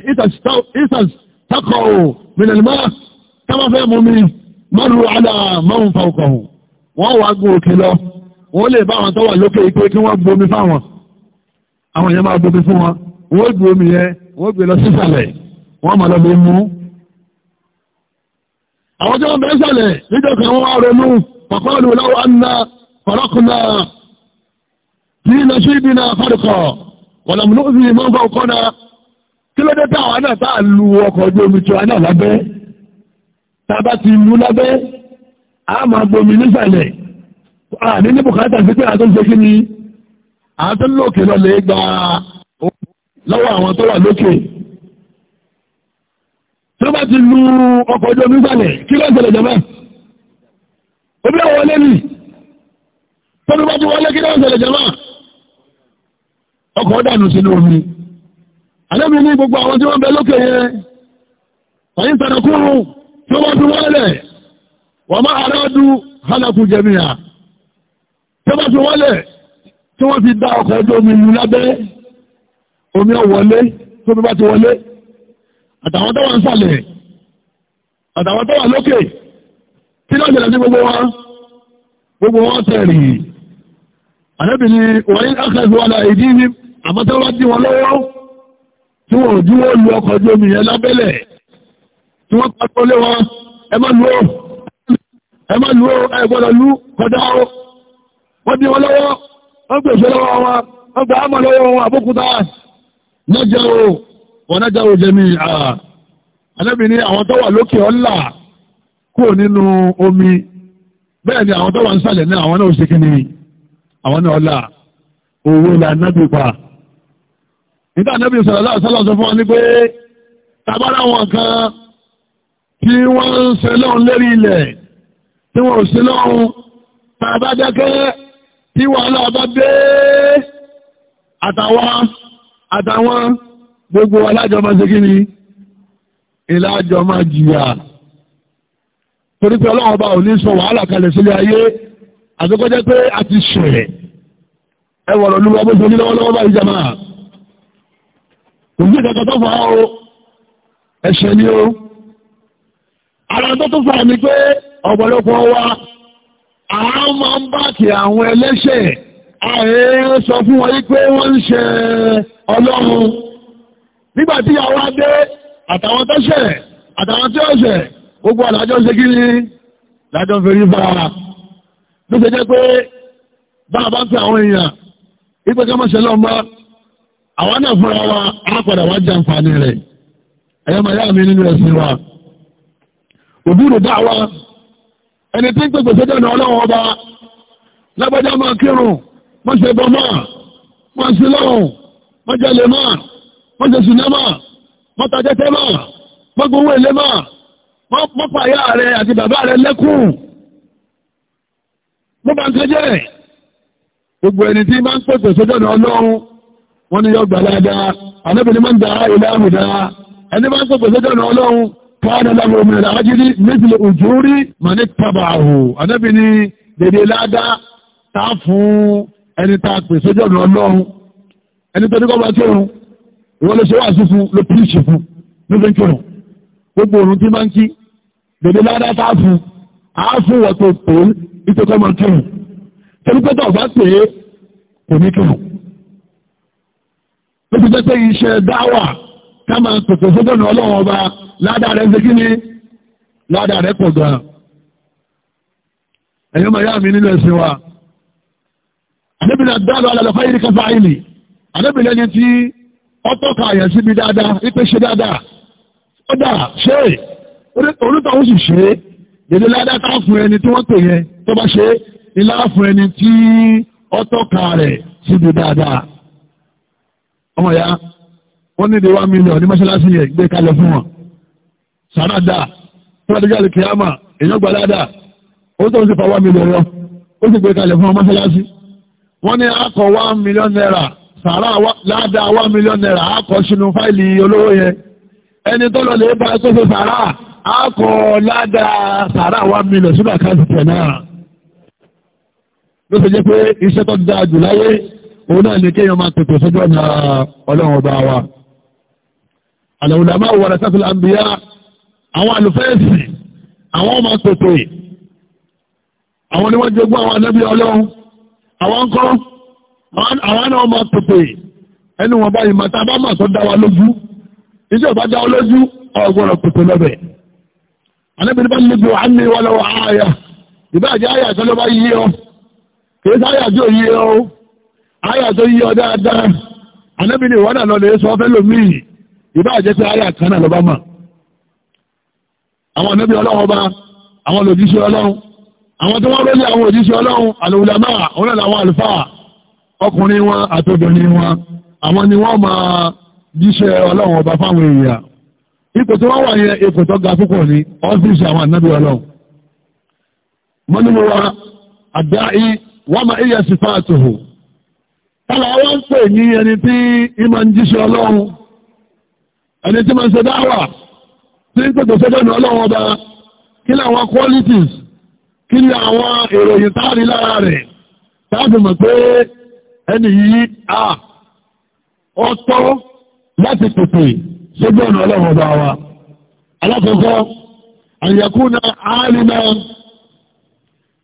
ìsàs takọ̀ ò mìnàlùmá tábà fẹ́ mú mi mọ́rù àlà mọ́rùn fàùkọ̀hù wọ́n wá gùn òkè lọ wọ́n lè bá àwọn tó lókè ipé kí wọ́n gbomi fáwọn àwọn èèyàn máa gbomi fún wọn wọ́n gbé omi yẹn wọ́n gbé lọ sísàlẹ̀ wọ́n máa lọ bí mú àwọn tó bẹ́ẹ̀ sàlẹ̀ nígbà bí iná ṣe bí iná kọ́dùkọ̀ wọ́n lọ́mú ló fi mọ́ bọ́ kọ́nà kí ló dé táwọn náà tá à ń lu ọkọ̀ ojú omi tiwa náà lábẹ́ tá a bá ti lu lábẹ́ a máa gbomi nísàlẹ̀ a ní ní bùkátà sí pé àtúnṣe kí ni àtúnlòkè lọ lè gba lọ́wọ́ àwọn tó wà lókè tó bá ti lu ọkọ̀ ojú omi sàlẹ̀ kí ló ń ṣẹlẹ̀ jẹ́mẹ́ omi àwọn wọlé nì ọkọ̀ dànù sínú omi alẹ́mi ní gbogbo àwọn tí wọ́n bẹ lókè yẹn ọ̀yìn tànàkùrù tí wọ́n fi wọ́lẹ̀ wọ́n máa aráàdú hálàkù jẹ̀míà tí wọ́n fi wọ́lẹ̀ tí wọ́n fi dá ọkọ̀ ojú omi lù lábẹ́ omi ọ̀wọ́lé tó bí bá ti wọlé àtàwọn tó wà ń sàlẹ̀ àtàwọn tó wà lókè kí ló jẹ̀lẹ̀ sí gbogbo wa gbogbo wọn tẹ̀rì àlẹ́bìnrin wọ́n yí àmọ́ tó bá dí wọn lọ́wọ́ tí wọ́n jí wọ́n lu ọkọ̀ ojú omi yẹn lábẹ́lẹ̀ tí wọ́n pàtó lé wọn ẹ má lu ó ẹ má lu ó ẹ gbọ́dọ̀ lu kọjá ó wọ́n dí wọn lọ́wọ́ wọ́n gbèsè lọ́wọ́ wọn wọ́n gbà á mọ̀ lọ́wọ́ wọn àbókúta nájà ó wọn nájà ó jẹ mí àlẹ́bí ni àwọn tó wà lókè ọ̀la kúrò nínú omi bẹ́ẹ̀ ni àwọn tó wà ń sàlẹ̀ náà àwọn náà ó ṣe kí ni àwọn náà ọ̀la owó la nábì pa nígbà Ànábì sallallahu alaihi wasallam sọ fún wa ní pé tabára wọn kan tí wọ́n ń ṣe lọ́hùn lérí ilẹ̀ tí wọ́n ò ṣe lọ́hùn tàbá dákẹ́ tí wàhálà bá dé àtàwọn àtàwọn gbogbo alájọ máa ṣe kí ni ìlàjọ máa jìyà torí pé ọlọ́wọ́ bá ò ní sọ wàhálà kalẹ̀ sílé ayé àtúkọ́jẹ́ pé a ti ṣẹ̀rẹ̀ ẹwọ̀rọ̀ olúwa bó ṣe ní lọ́wọ́lọ́wọ́ báyìí jama ìdí kankan tó fà á o ẹ̀ṣẹ̀ ni o ara tó tó fà ní pé ọ̀pọ̀lọpọ̀ wa àwọn máa ń báàkì àwọn ẹlẹ́ṣẹ̀ ààrẹ sọ fún wọn pé wọ́n ń ṣe ọlọ́run nígbà tí àwọn adé àtàwọn tó ṣẹ̀ àtàwọn tí ó ṣẹ̀ gbogbo àdájọ́ ṣe kí ni lájọ́ fi rí fara ló ṣe jẹ́ pé bá a bá ń fi àwọn èèyàn ìpẹ́kẹ́ mọ́ṣẹ́ lọ́mọ́ àwọn náà fúnra wa alápadà wá jàǹfààní rẹ̀ ẹ̀yọ́mọ̀ yá mi nínú ẹ̀sìn wa òbí rò dá wa ẹni tí ń pèsè sódà náà ọlọ́wọ́ ọba lágbájá máa kírun máa ṣe bọ́ máa máa ṣe lọ́hùn máa jalè máa máa ṣe sùnà máa máa ta mo bá ń tẹ́jẹ́ gbogbo ẹni tí máa ń pèsè sódà ọlọ́run wọ́n ní yọ́ gbàládá anábìnrin máa ń da ìlàmù dá ẹni bá ń pèpè sójú ọ̀nà ọlọ́run fáwọn ẹlẹ́mù omi ẹ̀rọ ajírí méjìlẹ̀ òjò rí màá ní tabaàhù anábìnrin dèdè ládá tá fún ẹni tá pè sójú ọ̀nà ọlọ́run ẹni tó ní kọ́ bá tó rùn ìwọ́n ló ṣe wá sí fún ló píìsì fún ló fi ń kírun gbogbo òrùn tí máa ń kí dèdè ládá tá fún àáfún wọ́n tó pè é nítorí kọ́ máa kírun torí kírun ló ti jẹ́ pé iṣẹ́ dáwà ká máa pèpè sójọ́nà ọlọ́run ọba ládàá rẹ̀ ń ni ládàá rẹ̀ pọ̀ gan-an ẹ̀yọ́ máa yá mi nínú ẹ̀sìn wa àdébìnrin àdáàlọ́ alàlọ́fà yìí kan fáìlì àdébìnrin ẹni tí ọtọ́ka àyẹ̀ síbi dáadáa ipe ṣe dáadáa ó dà ṣe onítọ̀hún sì ṣe dédé ládàá ká fún ẹni tí wọ́n pè yẹn tó bá ṣe ilá fún ẹni tí ọtọ́ka rẹ̀ síbi dáadáa ọmọ ya wọ́n ní ìdí one million ní mọ́ṣáláṣí yẹn gbé kalẹ̀ fún wọn sàrà dà fúnadíjàlì kìámà èèyàn gbà dáadáa ó tó ń sì fa one million yọ ó sì gbé kalẹ̀ fún wọn mọ́ṣáláṣí wọ́n ní akọ̀ one million naira sàrà ládàá one million naira akọ̀ sínú fáìlì olówó yẹn ẹni tó lọ lè bá tó fi sàrà akọ̀ ládàá sàrà one million sínú àkáǹtì tẹ̀ náà ló fi jẹ́ pé iṣẹ́ tó dáa jù láyé òun náà ni kéèyàn máa tètè sójú ọ̀nà ọlọ́run ọba wa àlàwùdà máa wọ̀rẹ̀ sátúlà ń bíyá àwọn àlùfẹ́ẹ̀sì àwọn ọmọ tètè àwọn ni jogún àwọn anábì ọlọ́run àwọn ń àwọn náà máa tètè wọn báyìí máa sọ dá lójú iṣẹ́ ò bá lójú tètè lọ́bẹ̀ anábìrin bá ààyà ìbáàjẹ́ àyà tó yí ọ dáadáa anábì ni ìwọ́n náà lọ lè sọ fẹ́ lómìn ìbá jẹ́ pé àyà kan náà lọ́ba mà àwọn anábì ọlọ́run ọba àwọn olòjíṣẹ́ ọlọ́run àwọn tó wọ́n lórí àwọn òjíṣẹ́ ọlọ́run àlòwùlámà òun náà làwọn àlùfáà ọkùnrin wọn àtòbìnrin wọn àwọn ni wọ́n máa jíṣẹ́ ọlọ́run ọba fáwọn èèyàn ipò tó wọ́n wà yẹn ipò tó ga púpọ̀ ní ọ́fíìsì àwọn ànábì ọlọ́run mọ́nìmọ́ra àdáyé wọ́n máa ń yẹ sífáàtò hù Tọ́lá wọ́n ń pè ní ẹni tí ìmọ̀ ń jíṣẹ́ ọlọ́run, ẹni tí máa ń ṣe dáwà, tí ń pètò sẹ́gbẹ̀nù ọlọ́run ọba, kí láwọn qualities, kí ní àwọn èròyìn táàrí lára rẹ̀, táàbì mọ̀ pé ẹni yìí à ọ̀tọ̀ láti pètè sẹ́gbẹ̀nù ọlọ́run ọba wa. Alákọ̀ọ́kọ́, àyẹ̀kú náà á rí náà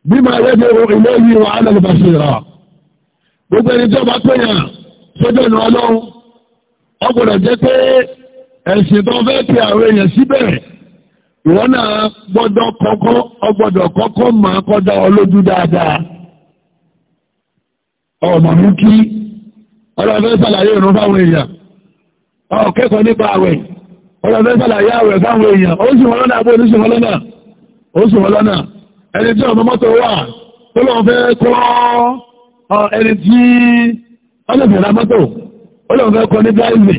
bí máa rẹ́ gbogbo ẹni tí ọba péyàn sójú ọ̀nà pé tó pe àwọn èèyàn ìwọ náà gbọdọ kọkọ ọgbọdọ kọkọ máa ọ lójú dáadáa ọmọ mú kí sàlàyé ìrún fáwọn èèyàn nípa sàlàyé fáwọn èèyàn ó sì ní ó sì ẹni tí ọmọ ẹni tí ọlọ́fẹ̀ẹ́ra mọ́tò olóòfẹ́ kọ ní dáìmì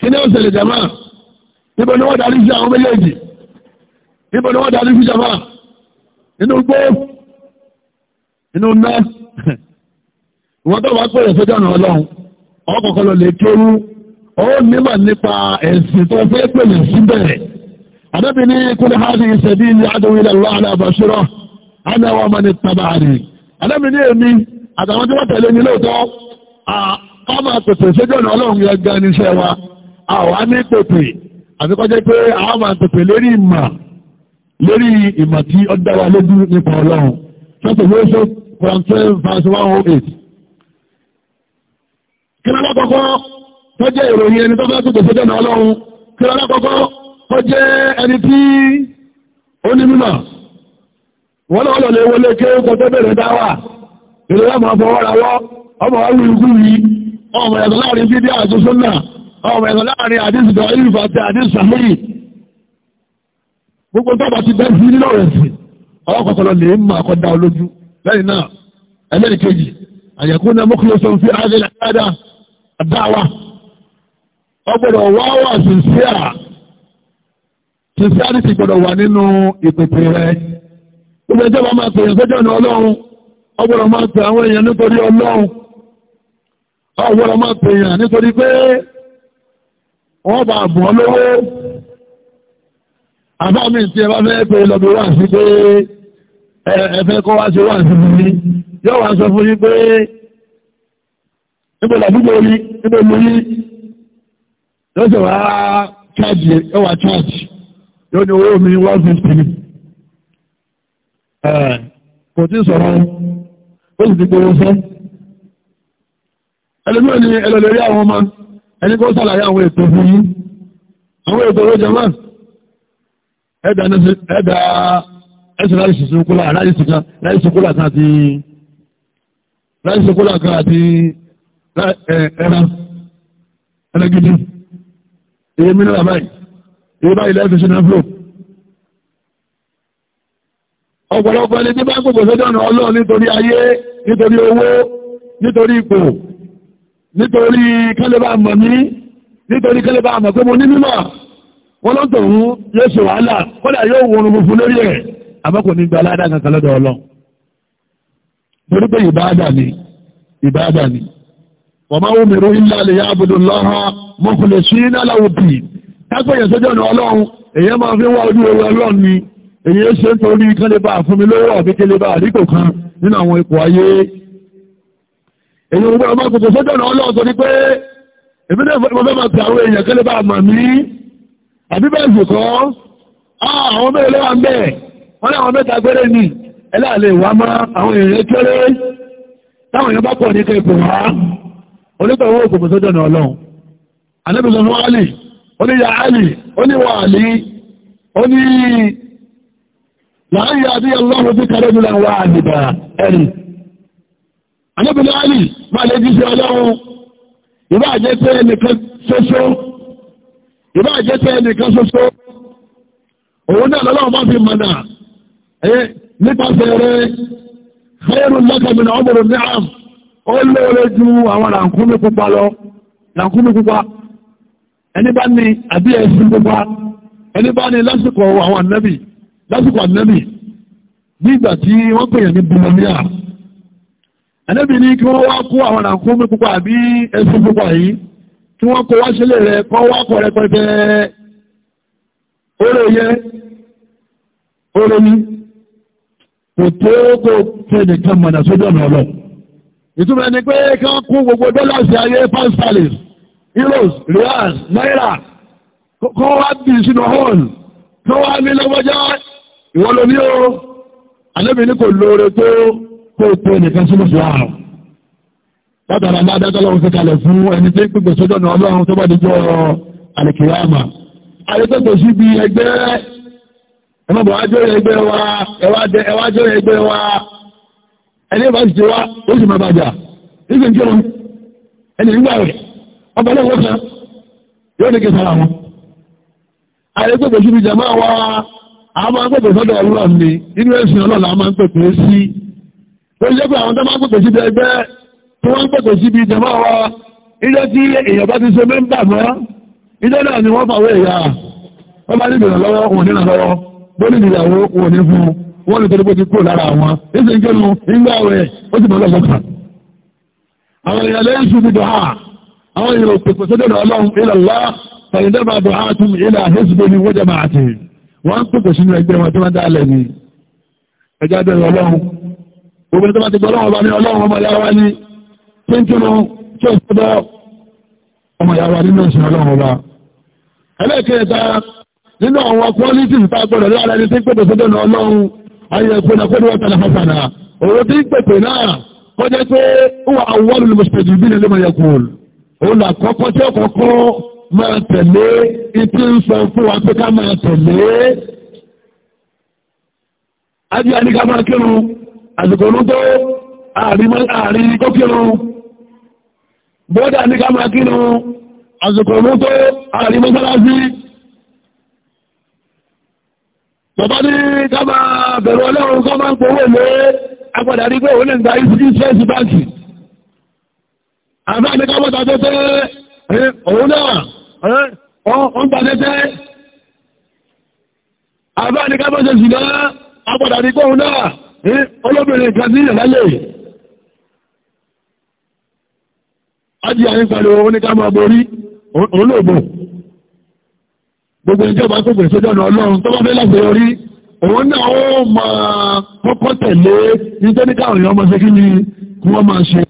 kí ní òṣèlè jama níbo ni wọ́n darí sí àwọn méjèèjì níbo ni wọ́n darí sí jama inú gbó inú ná ìwọ́n tó wá pé lè kéwú ó nímọ̀ nípa ẹ̀sìn tó fẹ́ pè ní àdébí ní kúlẹ̀ ìṣẹ̀dí lọ́wọ́ àdébí ní èmi àtàwọn tí wọ́n tẹ̀lé ní lóòótọ́ ọmọ pèpè sójú ọ̀nà ọlọ́run yẹn gan ní iṣẹ́ wa àwa ní pèpè àti kọjá pé àwọn máa pèpè lérí ìmọ̀ lérí ìmọ̀ tí ó dá wa lójú nípa ọlọ́run sọ́tò ló ṣe kọ́ńtẹ́ verse one oh eight. kí ló lọ́kọ̀ọ́kọ́ tó jẹ́ ìròyìn ẹni tó fẹ́ pèpè sójú ọ̀nà ọlọ́run kí ló lọ́kọ̀ọ́kọ́ ẹni tí ó ní mímọ̀ wọ́n lọ́wọ́ lọ́lẹ̀ wọlé kéwòn kọ́tẹ́ bẹ̀rẹ̀ e ọmọ ọfọwọ́rawọ́ ọmọ ọrú ikú yìí ọmọ ẹ̀sọ̀ láàrin fídíò àti súnà ọmọ ẹ̀sọ̀ láàrin àdísì tó ìlú àti gbogbo tọ́ba ti bẹ́ẹ̀ sí nínú ọ̀rẹ́ sí ọwọ́ lè olójú lẹ́yìn náà àyẹ̀kú àdáwà wá wà ti ọgbọ́dọ̀ máa pè àwọn èèyàn nítorí ọlọ́run ọgbọ́dọ̀ máa pè èèyàn nítorí pé wọ́n bá bùn ọ́ lówó àbámi tí ẹ bá fẹ́ pé lọ́bí wà sí pé ẹ̀fẹ́ kọ́ wá sí wà sí mi yóò wá sọ fún yín pé níbo làdúgbò yí níbo mú yí yóò sì wá chájì yóò wá chájì yóò ní owó mi one fifty kò tí sọ̀rọ̀ ó sì ti gbowó sẹ́ ya òní ẹlòlórí àwọn ọmọ ẹni kó sàlàyé àwọn ètò fún yí àwọn ètò owó jẹmọ́ ẹ̀dà ẹ̀sìn láìsì sókúlà láìsì kan àti láìsì sókúlà kan àti ẹran ẹran gidi báyìí èyí ọ̀pọ̀lọpọ̀ ẹni tí bá gbogbo sójọ́nà ọlọ́run nítorí ayé nítorí owó nítorí ipò nítorí kẹ́lẹ́bà mọ̀ mí nítorí kẹ́lẹ́bà mọ̀ pé mo ní mímọ̀ wọ́n tó ń yóò ṣe wàhálà kọ́dà yóò wọrun mu fún lórí ẹ̀ àmọ́ kò ní gba aládà kankan lọ́dọ̀ ọlọ́ torí pé ìbáadà ni ni wọ́n máa sí ọlọ́run èèyàn èyí ṣe ń torí kẹ́lẹ́bà fún mi lówó ọ̀bí kẹ́lẹ́bà àríkò kan nínú àwọn ipò ayé èyí gbogbo ọmọ kòkò sójọ́ náà lọ́wọ́ sọ ní pé èmi náà mo fẹ́ máa pè àwọn èèyàn kẹ́lẹ́bà mà mí àbí bẹ́ẹ̀ sì kọ́ àwọn mẹ́rin lọ́wọ́ ń bẹ̀ wọ́n láwọn mẹ́ta gbére ni ẹláàlẹ̀ ìwà máa àwọn èèyàn kéré táwọn èèyàn bá pọ̀ ní kẹ́ẹ̀pù wá onítọ̀wọ́ òkòkò sójọ́ náà lọ́wọ́ anábìsọ̀ fún alì oníyà alì oníwà alì oní láàrin àti ọlọ́run tí kàrẹ́ jùlọ wà àdìbà ẹ̀rì. anyị alì máa eji jí sí ọlọ́run ìbá jẹ́ pé ẹnìkan ṣoṣo ìbá jẹ́ pé ẹnìkan ṣoṣo òun náà lọ́lọ́run bá fi mọ̀nà ẹ̀ nípasẹ̀ rẹ̀ khairun laka min umri ni'am ó lóore ju lásìkò ànẹ́bì ní ìgbà tí wọ́n pèèyàn ní bìlọ́míà ànẹ́bì ní kí wọ́n wá kó àwọn àǹkó mi púpọ̀ àbí ẹ̀sùn púpọ̀ yìí kí wọ́n kó wá sílẹ̀ rẹ̀ kọ́ wá kọ́ rẹ̀ pẹ́pẹ́ oró yẹ oró ní kò tó kó tẹ́ nìkan mọ̀nà sójú ọ̀nà ọ̀lọ́ ìtumọ̀ ẹni pé kí wọ́n kó gbogbo dọ́làsì ayé pánsalis euros reals náírà kọ́ wá bì sínú hall kọ́ wá ní lọ́wọ́jọ́ ìwọ́n ló ní ó alẹ́bí ní kò lóore tó kó tó nìkan sínú fún àrùn látara bá dájọ́ lọ́wọ́ fi kalẹ̀ fún ẹni tó gbogbo sójọ́ ọ̀nà ọlọ́run tó bá di jọ sí bí ẹgbẹ́ ẹmọ́bọ̀ ajọ́rẹ̀ ẹgbẹ́ wa ẹwà ẹgbẹ́ wa ẹni bá ti ó sì máa bàjá kí wọn ẹni nígbà rẹ̀ ọba kan yóò ní kí sára wọn a máa ń pèpè sọ́dọ̀ ọlọ́run ni inú ẹ̀sìn ọlọ́run a máa ń pèpè sí tó jẹ́ pé àwọn tó máa ń pèpè síbi ẹgbẹ́ tó wọ́n ń pèpè síbi ìjọba wa ilé tí èèyàn bá ti ṣe mẹ́ńbà mọ́ ilé náà ni wọ́n fàwé ìyá wọ́n bá wọn ìyàwó wọn ní fún wọn ti kúrò lára wọn ẹsẹ̀ ń kẹ́nu ó wọ́n ń pèpè sínú ẹgbẹ́ wọn tó máa dálẹ̀ ni ẹjá bẹ̀rẹ̀ ọlọ́run gbogbo tó máa ti gbọ́ ọlọ́run ọba ní ọlọ́run ọmọ ìyá wa ní kíńkínú tí ó sọ́dọ̀ ọmọ ìyá wa nínú ìsìn ọlọ́run ọba ẹlẹ́kẹ̀ẹ́ta nínú àwọn qualities tá a gbọ́dọ̀ lára ẹni tí ń pèpè sódò náà ọlọ́run ayé ẹ̀kọ́ náà kó ní wọ́n tẹ̀lé fọ́sànà òun tí ń pèpè náà ó jẹ́ pé ó wà wọ́ọ̀lù mùsùlùmí nílé mọ̀ yẹ kùn òun là kọ́kọ́ tí ó kọ́kọ́ máa tẹ̀lé ìtí ń sọ fún wa pé ká máa tẹ̀lé. Ajé àníká máa kírun, àsìkò ló tó ààrin kó kírun. Bọ́dà àníká máa kírun, àsìkò ló tó ààrin mọ́sálásí. Bàbá ní ká máa bẹ̀rù ọlọ́run kọ́ máa ń powó lé agbádà rí pé òun lè gba ìsẹ́sì báńkì. Àbá àníká mọ́ta tó tẹ́ òun náà ọ̀n gbà tẹ́tẹ́ àbá ní kábọ́sẹ̀ ṣùgbọ́n agbọ́dà ní kóhun náà ní olóbìnrin kan sí ìrẹ̀lẹ́lẹ̀ ájí àyíkàlẹ̀ òun ní ká máa borí olóògbò gbogbo ìjọba tó pèsè jọ́nà ọlọ́run tó bá fẹ́ láti orí òun náà ó máa kọ́kọ́ tẹ̀lé ní tó ní káwọn èèyàn ọmọ sí kí ni kí wọ́n máa ṣe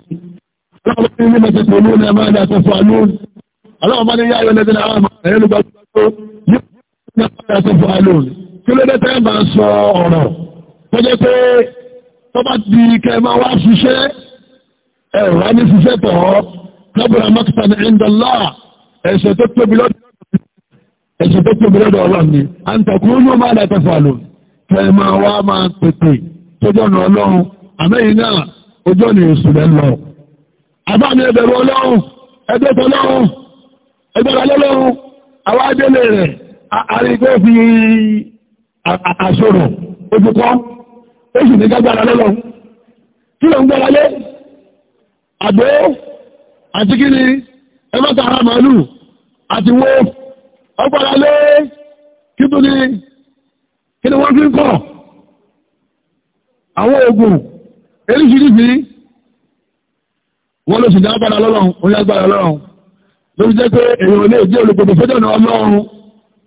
aláwọ̀ bá ní yá ayọ̀ lẹ́dínlẹ́ àwọn àmà ẹ̀yẹ́ ló bá tó yíò ní ọ̀pá ẹ̀sẹ̀ fún alóòn kí ló dé tẹ́ máa sọ ọ̀rọ̀ tó jẹ́ pé tó bá di kẹ́ máa wá ṣiṣẹ́ ẹ̀rọ wá ní ṣiṣẹ́ tọ̀ ọ́ kábùrà mọ́kítà ní ẹ̀ńdọ́lá ẹ̀sẹ̀ tó tóbi lọ́dọ̀ ọ̀rọ̀ ni à ń tọ̀kú ló máa dà tẹ́fọ̀ alóòn kẹ́ máa wá máa pèpè tó jọ nà ọlọ́run àmẹ́yìn náà ojú ọ̀nà èṣù lẹ́ lọ. àbá mi ẹ̀bẹ̀rù ọlọ́run ẹgbẹ́ tọ́lọ́run ẹgbẹ́ra lọ́lọ́run àwọn adélé rẹ̀ àrígbé fi àṣòrò ojúkọ́ ó sì ní gbágbára lọ́lọ́run kí ló ń gbára lé àgbó àti kíni ẹmọ́ta ara màálù àti wó ọgbára lé kí tó ní kí ni wọ́n fi ń kọ́ àwọn oògùn eríṣiríṣi wọ́n ló sì ní agbára lọ́lọ́run ló fi jẹ́ pé èèyàn lè jẹ́ olùgbòdò sójọ́nà ọlọ́run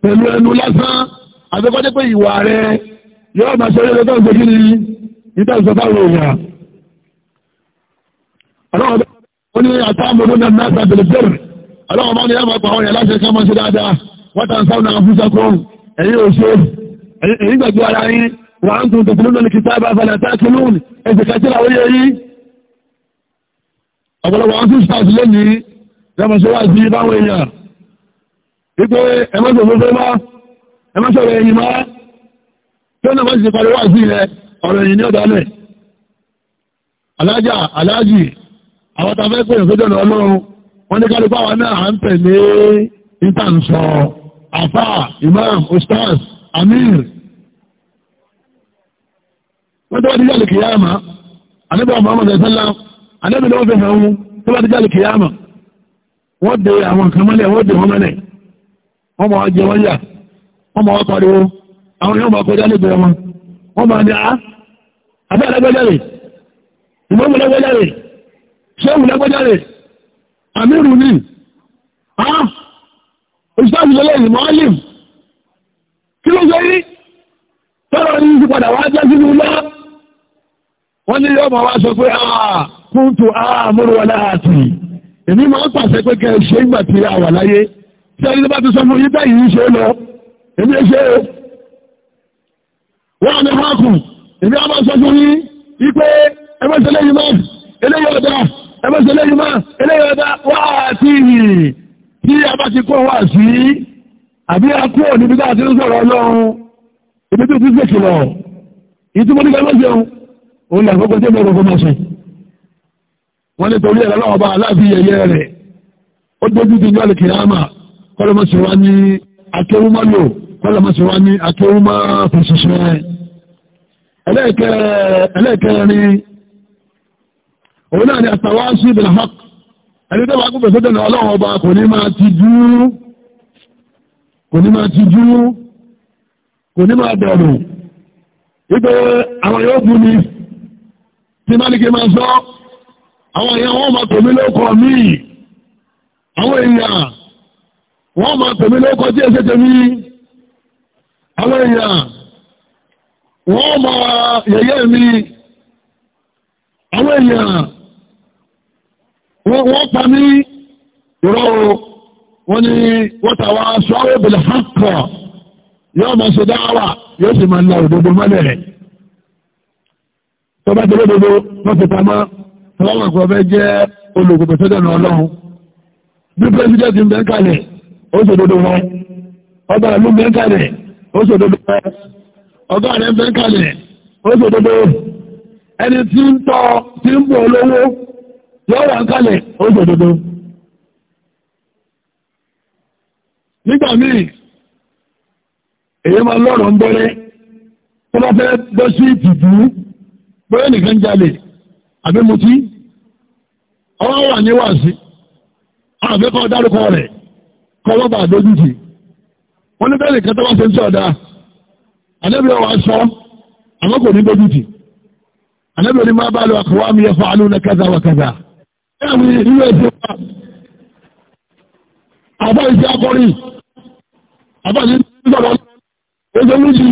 pẹ̀lú ẹnu lásán àtẹ́kọ́jẹ́ pé ìwà rẹ yóò máa ṣe lọ́tọ́ ìṣe kí ni níta ìṣọ́ fáwọn èèyàn. ọlọ́run bá wọn ní àtàmọ́dún náà náà sàbẹ̀lẹ̀ bẹ̀rẹ̀ ọlọ́run bá ní ẹ̀mọ́ pa àwọn èèyàn láṣẹ ká máa ṣe dáadáa wọ́n tàn sáwọn náà fún sọ́kùn ẹ̀yìn òṣè lónìí lẹ́mọ̀ṣẹ́ wá sí báwọn èèyàn wípé ẹmọ́sọ̀ fún fẹ́ máa ẹmọ́sọ̀ rẹ̀ èyí máa tí ó náà sì parí wá sí ilẹ̀ ọ̀rọ̀ èyí ní ọ̀dálẹ̀ alájà aláàjì àwọn tafẹ́ pèèyàn tó jọ̀nà ọlọ́run wọ́n ní kálukú àwọn náà à ń tẹ̀lé ìtànsọ̀ afa imam ustaz amir wọ́n tó wá díjá lè kìyàmà anábì ọmọ ọmọ ọ̀sẹ̀ sẹ́lá anábì lọ́wọ́ fẹ́ fẹ́ wọn tó wá díjá lè kìyàmà wọ́n dé àwọn nǹkan mọ́lẹ̀ wọ́n dé wọ́n mọ́lẹ̀ wọ́n máa jẹ wọ́n yà wọ́n máa pariwo àwọn yóò máa kọjá wọn wọ́n máa a àbẹ́ ẹlẹ́gbẹ́járe ìmọ̀mù lẹ́gbẹ́járe ṣéwù lẹ́gbẹ́járe àmírù ní a ìṣàkóso lẹ́yìn kí ló ṣe tọ́rọ ní ti padà wá jẹ́ sínú lọ wọ́n ní yóò máa wá sọ pé a kúntù a èmi máa ń pàṣẹ pé kẹ́ ẹ ṣe ìgbà tí a wà láyé tí ẹni tó bá ti sọ fún yín báyìí ṣe é lọ èmi ṣe é wọ́n àmì hákù èmi á máa sọ fún yín wípé ẹ má ṣe léyìn máa eléyìí ọ̀dà ẹ má ṣe léyìn máa eléyìí ọ̀dà wá àti ìhìn tí a bá ti kó wá sí àbí a kú ò níbi tá ti ń sọ̀rọ̀ ọlọ́run ibi tó ti ń ìtumọ̀ nígbà mọ́ṣẹ́ òun làkọ́kọ́ tẹ́ mẹ́rọ̀ fún mọ́ṣẹ́ wọ́n ní torí ẹ̀rọ ọba aláàbí ẹ̀yẹ rẹ̀ ó dójú ti jọ́ kìláàmà kọ́lọ́mọ́sí wa ní akéwúmọ́ lò kọ́lọ́mọ́sí wa ní akéwúmọ́ fòṣìṣẹ́ ẹlẹ́ẹ̀kẹrin òun náà ni àtàwáṣí bilhaq ẹni tó bá kú pèsè dẹ̀nà ọlọ́run ọba kò ní máa ti jú kò ní máa ti jú kò ní máa bẹ̀rù wípé àwọn yóò fún mi tí má ní kí máa sọ àwọn èèyàn wọn máa tèmi lóko mi àwọn èèyàn wọn máa tèmi lóko tí èsè tèmi àwọn èèyàn wọn máa yẹ̀yẹ́ mi àwọn èèyàn wọn pa mí ìrọ̀ wọn ni wọ́n ta wá aṣọ àwọn ìbìlẹ̀ hàkọ̀ yóò máa ṣe dáwà yóò sì máa lọ òdodo wọ́n mọ̀ pé ọbẹ̀ jẹ́ olùgbòtò tó dẹ̀nà ọlọ́run bí pẹ́sidẹ́ntì ń bẹ́ kalẹ̀ ó dodo wọn ọba ìlú ń bẹ́ kalẹ̀ ó sòdodo wọn ọba rẹ̀ ń bẹ́ kalẹ̀ ó dodo ẹni tí ń tọ́ tí ń bọ̀ olówó na wà kalẹ̀ ó sòdodo. nígbà míì èyí máa lọ́rọ̀ ń tó àbí mutí ọwọ́ wà ní wàásí àbí kọ́ dárúkọ rẹ̀ kọ́ wọ́n bá àdójútì wọ́n ní bẹ́ẹ̀ nìkan tó wá ṣe ń sọ ọ̀dà àdébí ọwọ́ aṣọ àmọ́ kò ní dójútì àdébí oní máa bá lọ àkọwá mi yẹ fún àánú ní kaza wa kaza ẹ̀wì ilé ẹ̀sìn wa àbá ìṣe akọrin àbá ìṣe ìṣọ̀rọ̀ ẹ̀ṣẹ̀ méjì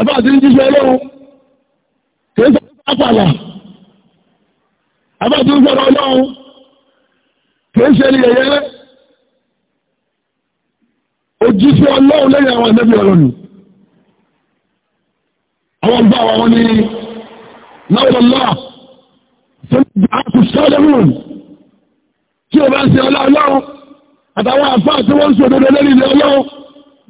àbá ìṣe ìṣiṣẹ́ ọlọ́run kì í sọ apàlà abájú ń sọ̀rọ̀ ọlọ́run kìí ṣe ní yẹ̀yẹ́ òjíṣẹ́ ọlọ́run lẹ́yìn àwọn ẹ̀mẹ́bí ọ̀rọ̀ nù àwọn bá wọn ní láwọlọ́lá tó ń gbà ápù sọ́lẹ́rùn tí ó bá ṣe ọlọ́run àtàwọn àfáà tí wọ́n ń sọ̀rọ̀ lórí ilẹ̀ ọlọ́run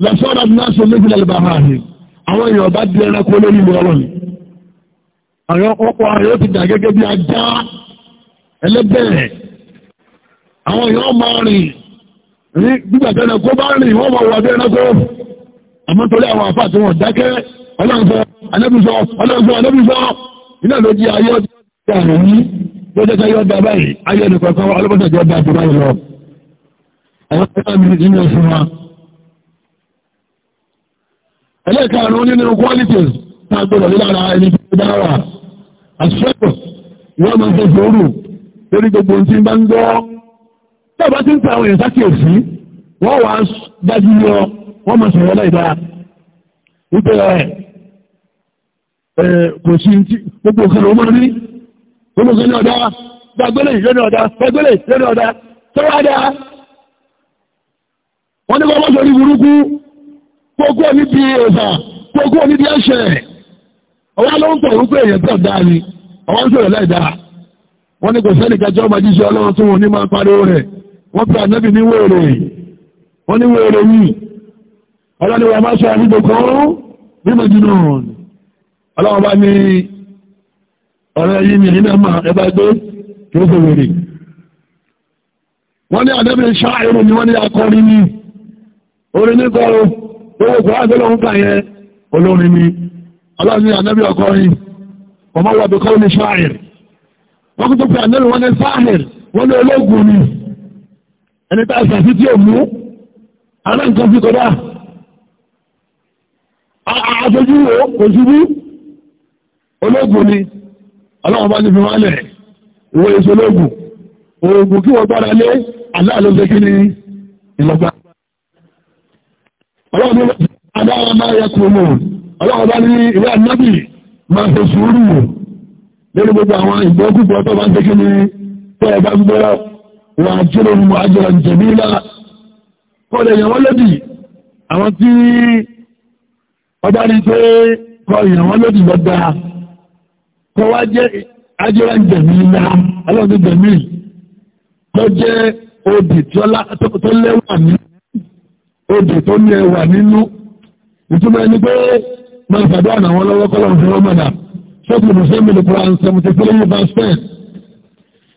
lọ́sọ́rọ̀ náà ṣe méjìlá lè bá máa rìn àwọn èèyàn bá di ẹranko lórí ilẹ̀ ọlọ́run àwọn ọkọ̀ ààrẹ ó ti dà gẹ́gẹ́ bí ajá ẹlẹ́bẹ̀rẹ̀ àwọn èèyàn máa rìn ní gbígbàtẹ́ ẹ̀nà kó bá rìn wọ́n máa wà bí ẹranko àmọ́ torí àwọn àfà tí wọ́n dákẹ́ ọlọ́nsọ anẹ́bùsọ ọlọ́nsọ anẹ́bùsọ iná ló jí ayé ọdún tí a rìn ní tó jẹ́ káyọ́ da báyìí ayé ẹnìkọ̀ọ̀kan ọlọ́pàá jọ da àti báyìí lọ àwọn ẹ̀ka mi nínú ẹ̀sìn wa ẹlẹ́ẹ̀karùn-ún nínú qualities tá a gbọ́dọ̀ nílára ẹni tó dára àṣẹ́kọ̀ wọ́n máa jẹ́ sòórù lórí gbogbo ohun tí ń bá ń gbọ́ tọ́ọ̀bá tí ń ta àwọn èèyàn sákèèsí wọ́n wá dájú yọ wọ́n máa sọ̀rọ̀ láìdá wípé ẹ̀ kò sí gbogbo kan ló máa rí gbogbo kan ní ọ̀dá gbàgbélé lónìí ọ̀dá gbàgbélé lónìí ọ̀dá tọ́wádá wọ́n ní wọ́n mọ́ sórí burúkú gbogbo níbi ẹ̀sà gbogbo níbi ẹ̀ṣẹ̀ ọwọ́ ló ń tọ̀ wípé èyàn tọ̀ dáa ni ọwọ́ ń sọ̀rọ̀ láìdáa wọ́n ní kò sẹ́ni kájọ́ ọmọ jíṣẹ́ ọlọ́run tó wọn ní máa pariwo rẹ̀ wọ́n pe ànábì ní wèrè wọ́n ní wèrè yìí ọlọ́ni wa máa ṣe àfihàn kan ní mọ̀jìnà ọlọ́run bá ní ọ̀rẹ́ yìí ní iná máa ẹ̀bá gbé kí ó ṣe wèrè wọ́n ní ànábì ṣáàrù ni wọ́n ní akọrin ní orin nípa owó kò wá sí lóhun kà yẹn olórin ni aláàrin ànábì ọkọrin ọmọ wà bí kọ́lù ṣáàrì wọ́n kú tó pé ànábì wọ́n ní sáàrì wọ́n ní ológun ni ẹni tá àṣàfi tí ò mú ará nǹkan fi kọ́dá àṣojú wo kò ṣubú ológun ni ọlọ́wọ́n bá ní fi wálẹ̀ ìwọ èso ológun oògùn kí wọ́n gbára lé aláàlọ́ ṣe kí ni ìlọ́gbà ọlọ́wọ́n bá yẹ kúrò mọ́ ọlọ́wọ́ bá ní ìwé ànábì máa ṣe sùúrù lórí gbogbo àwọn ìgbọ́kúgbọ́ tó bá ń tẹ́kí ní tẹ́ ẹ̀bá ń gbọ́ wà jẹ́rọ mú àjọrọ̀ jẹ̀mílá kọ́lẹ̀ ìyàwó lódì àwọn tí ọba rí pé kọ ìyàwó lódì lọ́dá kọ wá jẹ́ àjọrọ̀ jẹ̀mílá ọlọ́dún jẹ̀mí tó jẹ́ odì tó pé máa ṣàdó àná wọn lọ́wọ́ kọ́lọ́ fún wọn mọ̀dà ṣọ́ọ̀tù mùsùlùmí ní Quran seventy three verse ten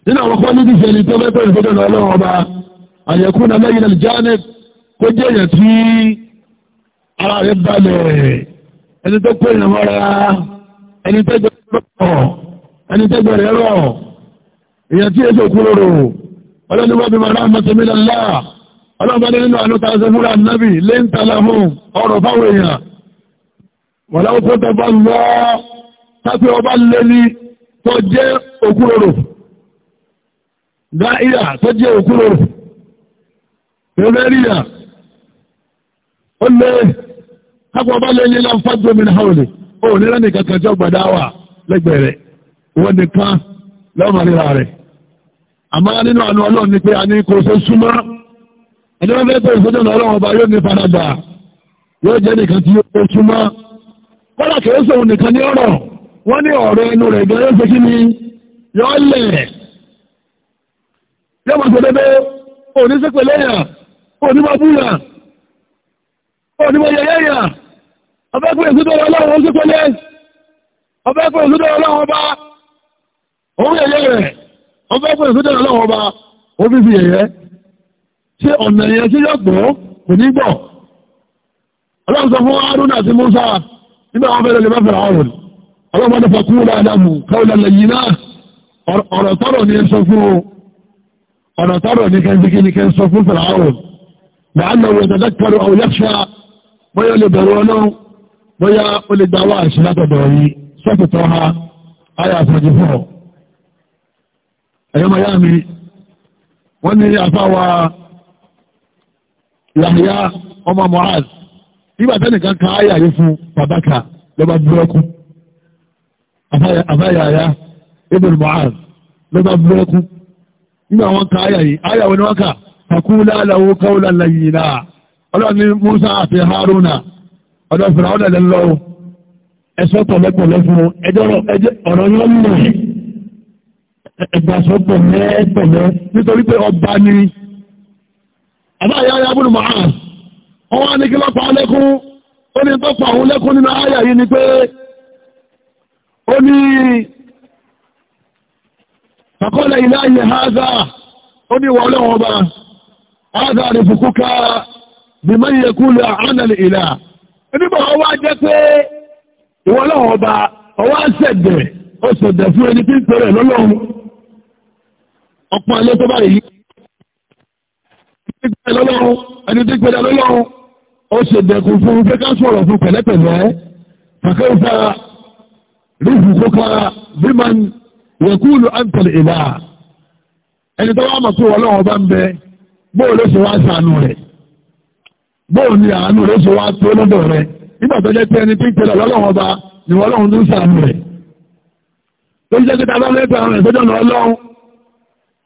nínú àwọn kọ́lí ti ṣẹlẹ̀ tó mẹ́tọ́ ìfẹ́dọ̀ náà lọ́wọ́ ọba àyẹ̀kú náà lẹ́yìn náà janet kó jẹ́ èèyàn tí ara rẹ̀ balẹ̀ ẹni tó pé ìrìn mọ́ra ẹni tẹ́jọ́ rọ̀ ẹni tẹ́jọ́ rẹ̀ rọ̀ èèyàn tí èso kúròrò ọlọ́ni wọ́n bí wọ́n láwọn fún tọ́ba lọ tábí ọba lé ní tó jẹ́ òkúròrò dáìyà tó jẹ́ òkúròrò tẹ́lẹ́ríyà ó lé kápọ̀ ọba lé ní láǹfàjọmi náà ò lè ó ní lẹ́nì kankan jọ gbàdáwà lẹ́gbẹ̀ẹ́ rẹ̀ wọ́n nìkan lọ́mọ ríra rẹ̀ àmọ́ nínú àánú ọlọ́run ni pé a ní kò ṣe súnmọ́ ẹni wọ́n fẹ́ pé ìfọ́jọ́ ọlọ́run ọba yóò ní faradà yóò jẹ́ nìkan tí yóò súnmọ́ kọ́lá kẹrẹsẹ̀ òun nìkan ní ọ̀rọ̀ wọ́n ní ọ̀rọ̀ ẹnu rẹ̀ na ṣe kí ni yọ́lẹ̀ yọ́mọ̀ tó dédé oníṣẹ́pẹ̀ lẹ́yà onímọ̀búyà onímọ̀yẹyẹyà ọbẹ̀kùn ìsúdọ̀ ọlọ́run ṣípẹ́lẹ́ ọbẹ̀kùn ìsúdọ̀ ọlọ́run òun yẹyẹ rẹ̀ ọlọ́run ọba fi yẹyẹ ṣé ọ̀nà sí kò ní gbọ́ ọlọ́run sọ fún àti Musa nínú àwọn fẹ́rẹ̀ lè má fẹ́rẹ̀ àwọn ọlọ́mọ ní fakúrò láàdámù káwọlẹ̀ lẹ́yìn náà ọ̀rọ̀ tọ́rọ̀ ní ẹsọ fún ọ̀rọ̀ tọ́rọ̀ ní kẹ́ńtíkì ní kẹ́ńsọ fún fẹ́rẹ̀ àwọn làánà wọ́n tẹ̀lé kẹrù àwọn yẹ́fṣà bóyá olè bẹ̀rù ọ̀nà bóyá olè gbà wá àṣẹ látọ̀dọ̀ yìí sọ́kùtọ̀ ha ayé àfọ̀jù fún ọ. ẹ̀yọ́mọ̀ yá mi wọ́n ní àfáwà Yahya ọmọ Mu'az nígbà tẹ́nì kan ka ayà yìí fún bàbá ka lọ́ba búrẹ́kù afáyàyà ibn mu'az lọ́ba búrẹ́kù nígbà wọn ka ayà yìí ayà wọn ni wọn kà fakúlá lahu qawlan layyina ọlọ́run ní musa àti haruna ọ̀dọ̀ fìrà ọ̀dọ̀ lẹ́lọ́wọ́ ẹ̀sọ́ tọ̀lẹ́pọ̀lẹ́ fún ẹjọ́ ọ̀rọ̀ yọ́ mọ̀ ẹgbàsọ́ pẹ̀lẹ́ pẹ̀lẹ́ nítorí pé ọba ni àbáyá ayábùnú mọ̀ áàrùn wọ́n wá ní kí lọ́pàá lẹ́kún ó ní tọ́pàá òun lẹ́kún nínú àyà yìí ni pé ó ní fàkọ́lẹ̀ ìláyè haza ó ní wà ọlọ́wọ́ bá haza rẹ̀ fòkúká bí mẹ́yẹ kúlẹ̀ ánàlì ìlà onígbà wọ́n wá jẹ́ pé ìwọ́lọ́wọ́ bá ọwọ́ ṣẹ̀dẹ̀ ó ṣẹ̀dẹ̀ fún ẹni tí ń pèrè lọ́lọ́run ọ̀pọ̀ ẹlẹ́tọ́ báyìí ẹni tí ń pèrè lọ́lọ́run ó ṣe dẹkùn fún pé ká sọ̀rọ̀ fún pẹ̀lẹ́pẹ̀lẹ́ fàkẹ́wùfà rífù kókà bíman yẹkúlù àǹtẹ̀lẹ̀ ìlà ẹni tó wá mọ̀ pé ọlọ́wọ́ bá ń bẹ bóò ló ṣe wá sànù rẹ̀ bóò ni àánú rẹ̀ ṣe wá tó lọ́dọ̀ rẹ̀ nígbà tó jẹ́ pé ẹni tí ń tẹ̀lẹ̀ lọ́lọ́wọ́ bá ni wọ́n lọ́hùn tó ń sànù rẹ̀ tó jẹ́ pé tàbí ọlọ́ẹ̀tẹ̀ àwọn ìṣẹ́jọ́ lọ lọ́hùn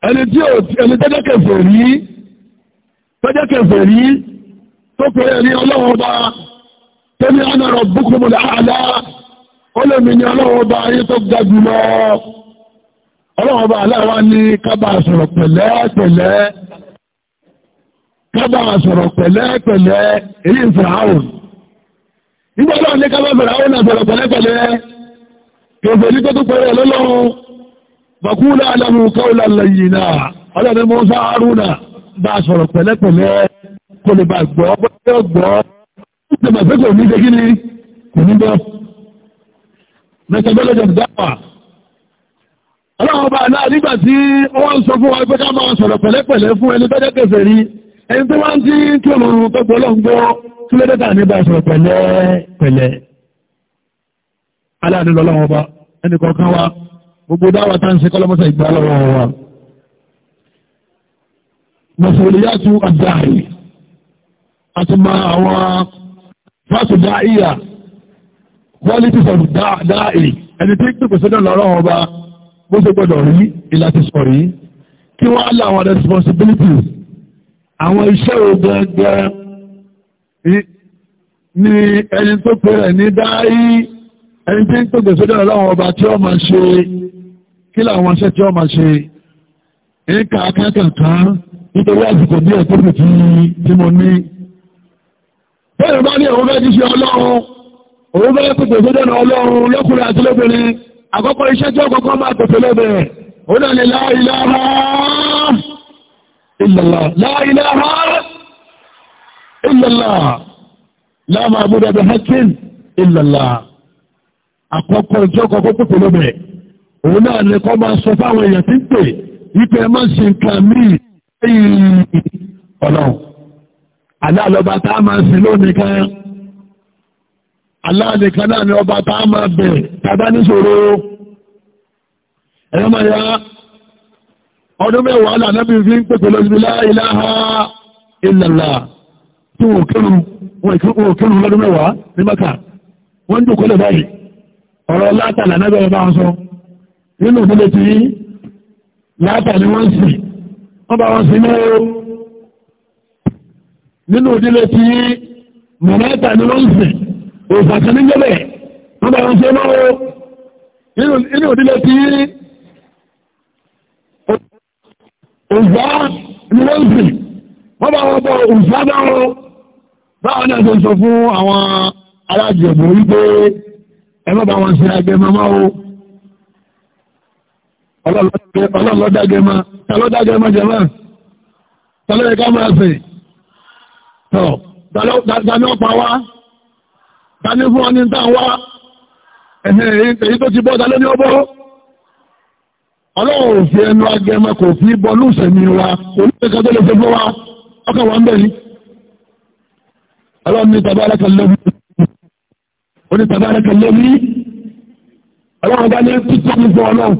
ẹni tí ó ẹni tẹ́jẹ́ kẹfẹ́ rí tẹ́jẹ́ kẹfẹ́ rí tó pè é ní ọlọ́wọ́ ọba tó ní ana rabbukumul a'la ó lè mi ní ọlọ́wọ́ ọba ayé tó ga jù lọ ọlọ́wọ́ ọba aláwa ní kábà sọ̀rọ̀ pẹ̀lẹ́ pẹ̀lẹ́ kábà sọ̀rọ̀ pẹ̀lẹ́ pẹ̀lẹ́ èyí ń fìrà áwòn nígbà náà ní kábà fìrà áwòn náà sọ̀rọ̀ pẹ̀lẹ́ pẹ̀lẹ́ kèfè kò lè bá gbọ́ bọ́ọ̀ gbọ́ ó ti mọ̀ pé kò ní ṣe kí ni kò ní gbọ́. methodology of dawa ọlọ́run bá náà nígbà tí wọ́n sọ fún wa pé ká máa sọ̀rọ̀ pẹ̀lẹ́pẹ̀lẹ́ fún ẹni tọ́jọ́ kẹfẹ́ rí ẹni tó wá ń tí kí olùrùn tó gbọ́ lọ́gbọ́ tí lé dẹ́ta nígbà sọ̀rọ̀ pẹ̀lẹ́pẹ̀lẹ́ aláàdínlọ́lọ́wọ́ bá ẹni kọ̀ọ̀kan wa gbogbo dáwà tá àti ma àwọn fásitì dáìyà qualities of dáì ẹni tí pípẹ̀ sọ́dọ̀ lọ́rọ̀ ọba bó ṣe gbọ́dọ̀ rí ìlà ti sọ rí kí wọ́n á lọ àwọn responsibilities àwọn iṣẹ́ ògbẹ́gbẹ́ ni ẹni tó pè rẹ̀ ní dáì ẹni tí ń pèsè sọ́dọ̀ lọ́wọ́ ọba tí ó máa ṣe kí làwọn aṣẹ́ tí ó máa ṣe ń ka akẹ́kọ̀ọ́ kan nítorí àsìkò díẹ̀ tó kù tí mo ní bẹ́ẹ̀ bá ní òun fẹ́ ti ṣe ọlọ́run òun fẹ́ pèpè tó dẹ̀nà ọlọ́run lọ́kùnrin àti lóbìnrin àkọ́kọ́ iṣẹ́ tí ọkọ̀ọ̀kọ́ máa pèpè lóbìnrin òun náà ni la ilaha illallah la ilaha illallah la ma'buda bi kọ́ máa sọ fáwọn èèyàn tí ń pè wípé ẹ má ṣe nǹkan míì ọlọ́run aláàlọ́ba tá a máa sin lónìí kan aláàlẹ́kan náà ni ọba tá a máa bẹ̀ tàbá níṣòro ẹ̀yọ́ máa ya ọdún mẹ́wàá lànàbí fi ń pèpè lọ́sibí la ilaha illallah tí wọ́n kírun lọ́dún mẹ́wàá ní mẹ́ta wọ́n ń nínú ìdílé tí mọ̀lẹ́ta ni wọ́n ń sìn òṣàkà ní jẹ́bẹ̀ wọ́n bá wọn ṣe máa wo nínú ìdílé tí òṣà ni wọ́n ń sìn wọ́n bá wọn bọ òṣà dáwọn báwọn náà ṣe sọ fún àwọn alájẹ̀bù wípé ẹ má bá wọn ṣe ẹgbẹ́ mọ́mọ́ o ọlọ́lọ́dágẹ́mọ́ tẹ́lọ́dágẹ́mọ́ jẹ́mọ́ tẹ́lọ́ Tàbí ọ̀pá wá, tàbí fún ọ ní ta wá, èyí tó ti bọ́ ta ló ní ọbọ́. Ọlọ́run ò fi ẹnu agẹmọ kò fi bọ́ lùsẹ̀mí wa, olùsẹ̀kọ́ tó lè fẹ́ fún wa, ọkọ̀ wà ń bẹ̀ ní. Ọlọ́run ní tàbí alákàlẹ́bí. Onítàbárẹ́kẹ̀ lórí, ọlọ́run bá ní títọ́ ní fún ọlọ́run,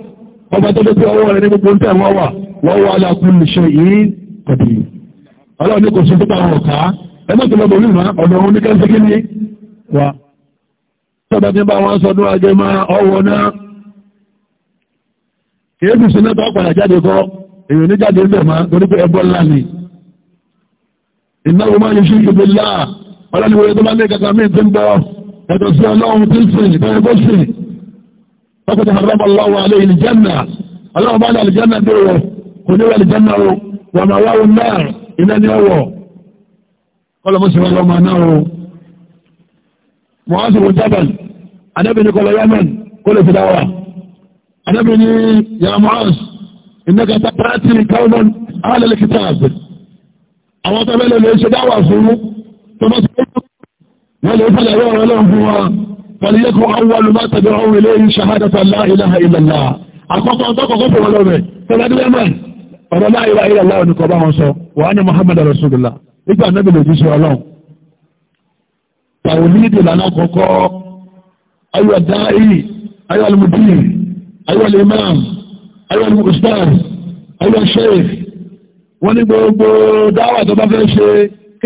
ọba tó lé pé ọwọ́ rẹ̀ ní gbogbo ń tẹ̀wọ́ wà, wọ́n wà lákùn lè ṣe yìí kọ̀dì. Ọlọ́run ní kò sí tó bá wọn kàá ẹgbẹ́tọ̀lọ́ bò nílùú ọ̀dọ̀ òun ní kẹ́sí kí ní wà tọ́bà tí bá wọ́n sọdún ajé máa ọwọ́ náà kéèkù sí náà tọ́pàá jáde kọ́ èyàn ní jáde ilẹ̀ máa torí pé ẹbọ ńlá ni ìnáwó máa yẹ sí ibi lá ọlọ́niwòye tó bá ní kàkà mí ti ń bọ́ ẹ̀tọ́ sí ọlọ́run tí ń sìn ìtọ́jú bó sìn tọ́kùtà àrọ́bà lọ́wọ́ alẹ́ ìlìjẹ́nà ọlọ́run bá ní àlìjẹ́nà dé kò ní wọ àlìjẹ́nà wọ wàmàwá wọn náà iná ọwọ́ kọlọmọ sí wọn máa náà o mọ̀hásùwò jábẹ̀l anábì ní kọlọ yemen kó lè fi dáwà anábì ní yàrá mọ̀hás ìnáka tàbí káwọn alẹ́lẹ́ kìtà àbẹ̀ àwọn tọ́bẹ̀lẹ̀ lè ṣe dáwà fún tọ́bẹ̀lẹ̀ lè ṣe dáwà fún ọ̀rọ̀ la ilaha illallah wọn sọ wà ní muhammad rasulullah nígbà náà bèèrè jíṣẹ́ ọlọ́run tàwọlídì lànà kọ̀kọ́ ayọ̀ dáì ayọ̀ almudir ayọ̀ imam wọ́n ní gbogbo dáwà tó bá fẹ́ ṣe kí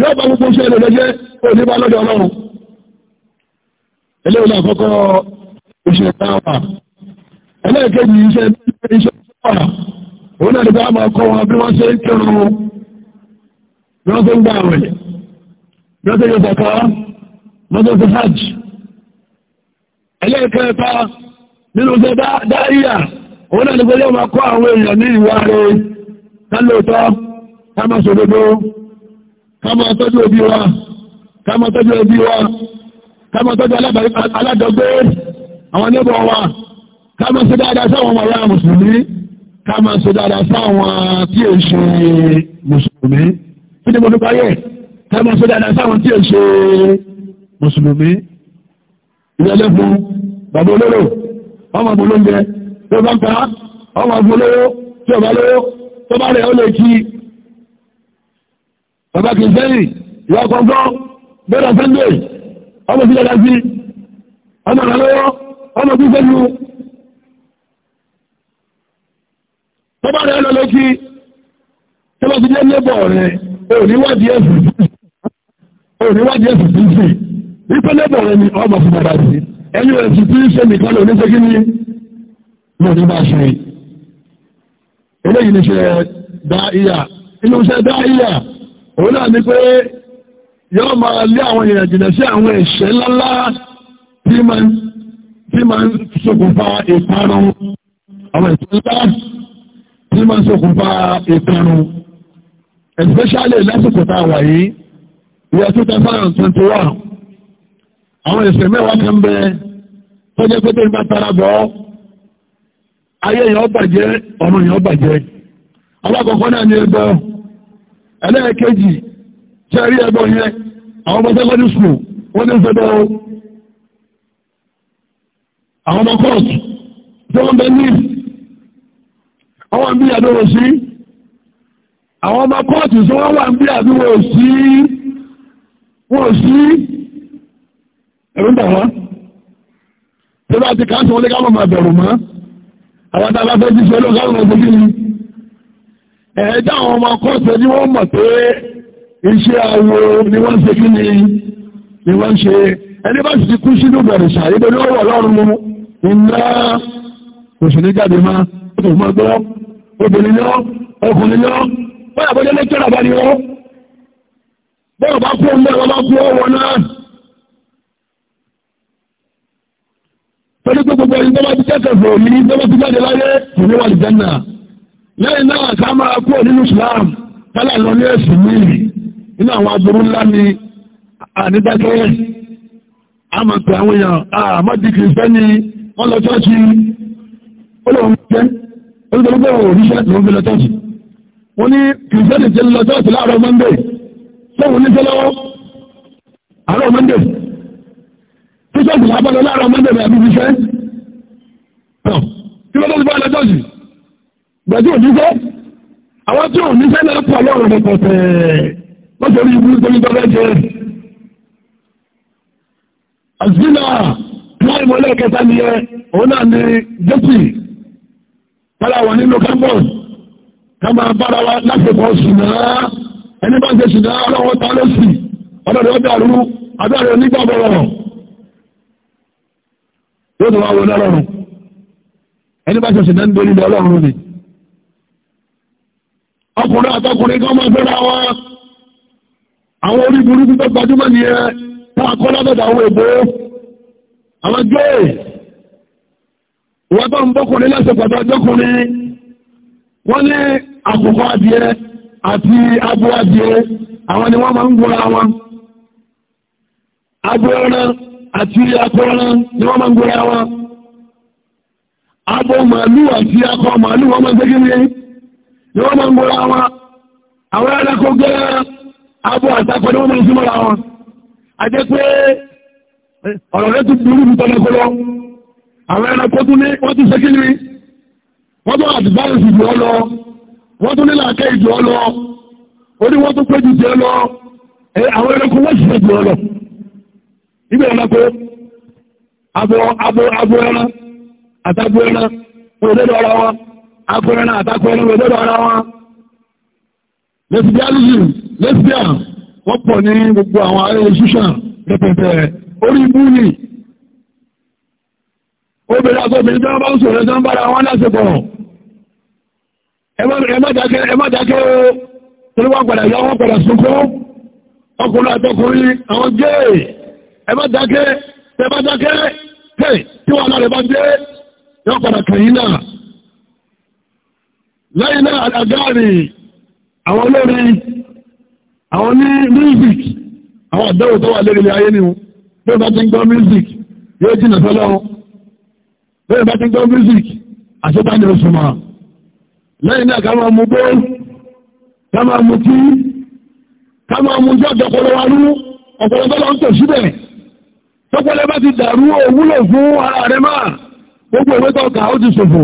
yóò bá gbogbo iṣẹ́ rẹ̀ lẹ́jẹ́ òní bá lọ́dọ̀ ọlọ́run eléyìí lákọ́kọ́ iṣẹ́ táwà ẹlẹ́ẹ̀kejì iṣẹ́ iṣẹ́ táwà òun náà nígbà máa kọ́ wọn bí wọ́n ṣe ń kírun ń hajj ẹlẹ́ẹ̀kẹta nínú iṣẹ́ dáríyà òun náà nígbà yóò máa kọ́ àwọn èèyàn ní ìwà rẹ̀ Kama tọ́jú òbí wa kámọ́ tọ́jú òbí wa kámọ́ tọ́jú aládọ́gbé àwọn níbọ̀ wa kama ṣe dáadáa sáwọn ọmọ ya mùsùlùmí kámọ́ ṣe dáadáa sáwọn tí è ṣe mùsùlùmí kí ni mo dúpọ̀ ayé kámọ́ ṣe dáadáa sáwọn tí è ṣe mùsùlùmí ìrẹ̀lẹ̀ fún bàbá olóró ọmọ ọmọ olóúnjẹ tó bá ń pa ọmọ ọmọ olówó tí ọba lówó tó bá rẹ̀ ó lè kí bàbá kìrìsẹ́nì ìwà kọ̀ọ̀kọ́ bẹ́ẹ̀rẹ̀ sunday ọmọ sí dada sí ọmọ ìrànlọ́wọ́ ọmọ sí sẹ́nu tó bá rẹ̀ lọ lókí tó bá ti jẹ́ lébọ̀ rẹ̀ òníwádìí ẹ̀sùn òníwádìí ẹ̀sùn tí ń sìn wípé lébọ̀ rẹ̀ ni ọmọ sí dada sí ẹni ẹ̀sùn tí ń ṣe nìkan lò ní ṣégí ní lòdì bá ṣe eléyìí ní ṣe dá ìyà inú ṣe dá ìyà òun náà ni pé yọ́ máa lé àwọn èèyàn jìnà sí àwọn ẹ̀ṣẹ̀ ńláńlá tí máa ń ṣokùnfà ìparun àwọn ẹ̀ṣẹ̀ ńlá tí máa ń ṣokùnfà ìparun especially lásìkò tá a wà yìí ìyá two thousand twenty one àwọn ẹ̀ṣẹ̀ mẹ́wàá kan bẹ tọ́jọ́ pé tó ń bá tara bọ́ ayé èèyàn bàjẹ́ ọ̀run èèyàn bàjẹ́ alákọ̀ọ́kọ́ náà ni ẹ bọ́. ẹlẹ́ẹ̀kejì tí a rí ẹbọ yẹn àwọn ọmọ secondary school wọ́n ní ìfẹ́bọ̀ àwọn ọmọ tí wọ́n bẹ ní àwọn bí àdúrò sí àwọn ọmọ court tí wọ́n wà ń bí àdúrò sí wọ́n sí ẹ̀rù tí wọ́n ti káàkiri wọn lé káwọn ọmọ mọ́ àwọn ẹ̀ẹ́dá àwọn ọmọ akọ́sẹ̀ ni wọ́n mọ̀ pé iṣẹ́ awo ni wọ́n ṣe kí ni wọ́n ṣe ẹni bá sì ti kú sínú bẹ̀rẹ̀ ṣàyíbẹ̀ ní ọwọ́ ọlọ́run iná òṣèlú jáde máa tó mọ́ gbọ́ obìnrin lọ ọkùnrin lọ bọ́yà bọ́jọ́ lẹ́kẹ́rà bá ní wọ́n bọ́ọ̀ bá gbogbo ẹni ti kẹ́kẹ̀ẹ́ fòmí tó bá ti jáde láyé ìníwà ìjẹ́nà lẹ́yìn náà ká máa kúrò nínú Islam tálà lọ ní ẹ̀sìn ní inú àwọn agbóró ńlá ni ànídájọ́ a máa pẹ̀ àwọn èèyàn àmọ́dí kìrìsẹ́ni wọ́n lọ tọ́ọ̀tì olóòrùnjẹ́ olùdókòwò òrìṣẹ́ ló ń fi lọ tọ́ọ̀tì wọ́n ní kìrìsẹ́ni ti lọ tọ́ọ̀tì láàárọ̀ Monday tóun gbẹ̀jú òníṣẹ́ àwọn tí òníṣẹ́ náà pọ̀ lọ́rùn rẹ̀ pẹ̀tẹ̀ wọ́n torí ibú torí tọ́lẹ́ jẹ́ àzínà láìmọ̀ lẹ́ẹ̀kẹta ni ẹ òun náà ni jẹ́sì tọ́lá wà nínú campus ká máa bára wa lásìkò ṣùnà ẹni bá ń ṣe ṣùnà ọlọ́wọ́ ta ló sì ọlọ́dẹ ọdẹ àrúrú àbẹ́rẹ́ onígbàbọ̀rọ̀ yóò tó wá wọlé ọlọ́run ẹni bá ọkùnrin àtọkùnrin kan máa fẹ́ra wọn àwọn orí burúkú tó gbajúmọ̀ nìyẹn tá a kọ́ lábẹ́dẹ̀ àwọn èbó àwọn géè ìwọ́n tó ń bọ́kùnrin lẹ́sẹ̀ ọjọ́kùnrin wọ́n ní àkùkọ adìẹ àti adìẹ àwọn ni wọ́n máa ń gbọ́ra wọn abo ẹran àti akọ ẹran ni wọ́n máa ń gbọ́ra wọn abo màálù àti akọ màálù wọ́n máa ń ni wọ́n máa ń múra wọn àwọn ẹranko gẹ́ abo àtakọ̀ ni wọ́n máa ń súnmọ́ra wọn àti pé ọ̀rọ̀ rẹ̀ tún burú nípa ẹranko lọ àwọn ẹranko tún ní wọ́n ti ṣe kí ni wọ́n tún àdìbáyọ̀sì jù ọ lọ wọ́n tún nílà akẹ́ ìjù ọ lọ orí wọ́n tún pé jù jẹ́ lọ àwọn ẹranko wọ́n ṣiṣẹ́ jù ọ lọ ibẹ̀ ẹranko abo ẹran àtàbò ẹran wọ́n lé wọn agbẹ́rẹ́ náà àtàkùn ẹnu rẹ̀ lọ́dọ̀ ara wọn lesbianism lesbian wọ́n pọ̀ ní gbogbo àwọn ará ìṣúṣàn rẹpẹtẹ orí búlì obìnrin àtọ́bìnrin tí wọ́n bá ń sọ̀rọ̀ tí wọ́n bára wọn lásìkò ẹmọ́dákẹ́ o torí wọ́n padà yọ wọ́n padà sunkún ọkùnrin àtọkùnrin àwọn géè ẹmọ́dákẹ́ tẹmọ́dákẹ́ tẹ̀ tí wọ́n náà rẹ̀ bá dé yọ padà kẹ̀yìn náà lẹ́yìn náà àgáàrí àwọn olórin àwọn ní music àwọn àdáwò tó wà lérí ilé ayé nìhun bí o bá ti ń gbọ́ music yóò jìnà sọ́lọ́run bí o bá ti ń gbọ́ music àṣẹ́bá ni oṣù mọ́ lẹ́yìn náà ká máa mú bó ká máa mú tí ká máa mú jọ́ ọ̀dọ́kọ̀lọ́ wa rú ọ̀pọ̀lọpọ̀ lọ ń tò síbẹ̀ tọ́pọ̀lẹ́ bá ti dàrú òwúlò fún ara rẹ máa gbogbo ìwé tọ́ka ó ti ṣòfò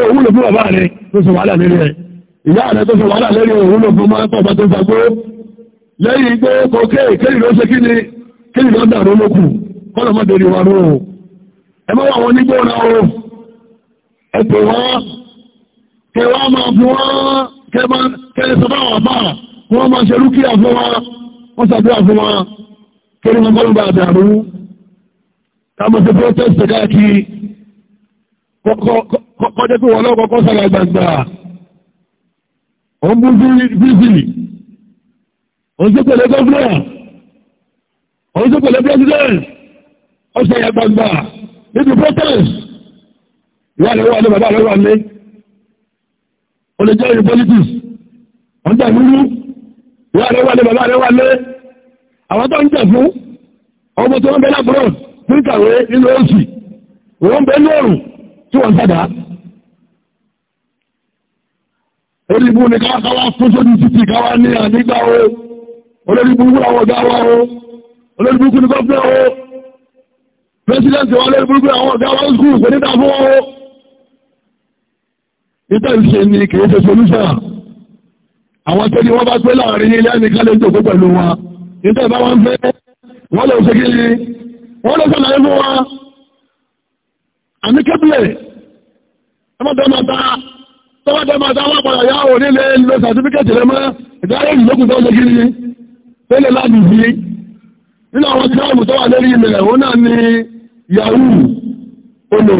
òwúlò fún bàbá rẹ̀ tó ṣe wàhálà lérí ẹ̀ ìyá rẹ̀ tó ṣe wàhálà lérí òun ló fún máa ń pọ̀ tó ṣàgbó lẹ́yìn pé kò kéè kéè ló ṣe kíni kéè ló dàrú lókù kọ́lọ̀ má dèrè wàrú o ẹ má wà wọn nígbó ra o ẹ pè wọ́n kẹ wọ́n máa fún wọ́n kẹ ẹ sọ fáwọn àbá wọ́n máa ṣe rúkìá fún wa wọ́n ṣàdúrà fún wa kéré wọn kọ́lọ̀ bá dàrú ká mọ̀ sí protest káàkiri kọjẹ́ pé wọ́n lọ́kọ̀ọ́kọ́ sára gbangba òun bú bíbélì òun tó pẹ̀lẹ́ gọ́ọ̀nà òun tó pẹ̀lẹ́ president ọ̀sẹ̀ ya gbangba níbi protest ìwà ni wọ́n ní bàbá rẹ̀ wà ní o lè jẹ́ ìrìn politics wọ́n jà lúrú ìwà rẹ̀ wà ní bàbá rẹ̀ wà ní àwọn tó ń jẹ̀ fún ọmọ tó ń bẹ lábúrò fún ìkàwé nínú oṣù òun bẹ lóòrùn tí wọ́n sádàá oríbú ní káwàkáwà fún sódí títì káwà ní ànígbà o olóríbú wúràwọ̀dá wa o olóríbú kú ní gọ́fẹ́ o pẹ́sidẹ́ntì wa olóríbú kú àwọn ọ̀gá wa skúù kò nígbà fún o nígbà ìṣe ni kìí ṣe solúṣà àwọn tẹ́lí wọ́n bá pé láàrin ilé ẹni kálẹ̀ jòkó pẹ̀lú wa nígbà ìbá wọn fẹ́ wọ́n lè ṣe kiri wọ́n lè sọ̀lá fún wa àníkẹ́bílẹ̀ ẹ tọ́wọ́dẹ́ máa sáwọn àpàdà yá ò nílé lọ sàtífíkẹ̀tì rẹ mọ́ ìdáyé ìlókùn tó lókí ní tẹ́lẹ̀ láti fi nínú àwọn tí láàmù tó lórí ilẹ̀ náà ni yahoo olè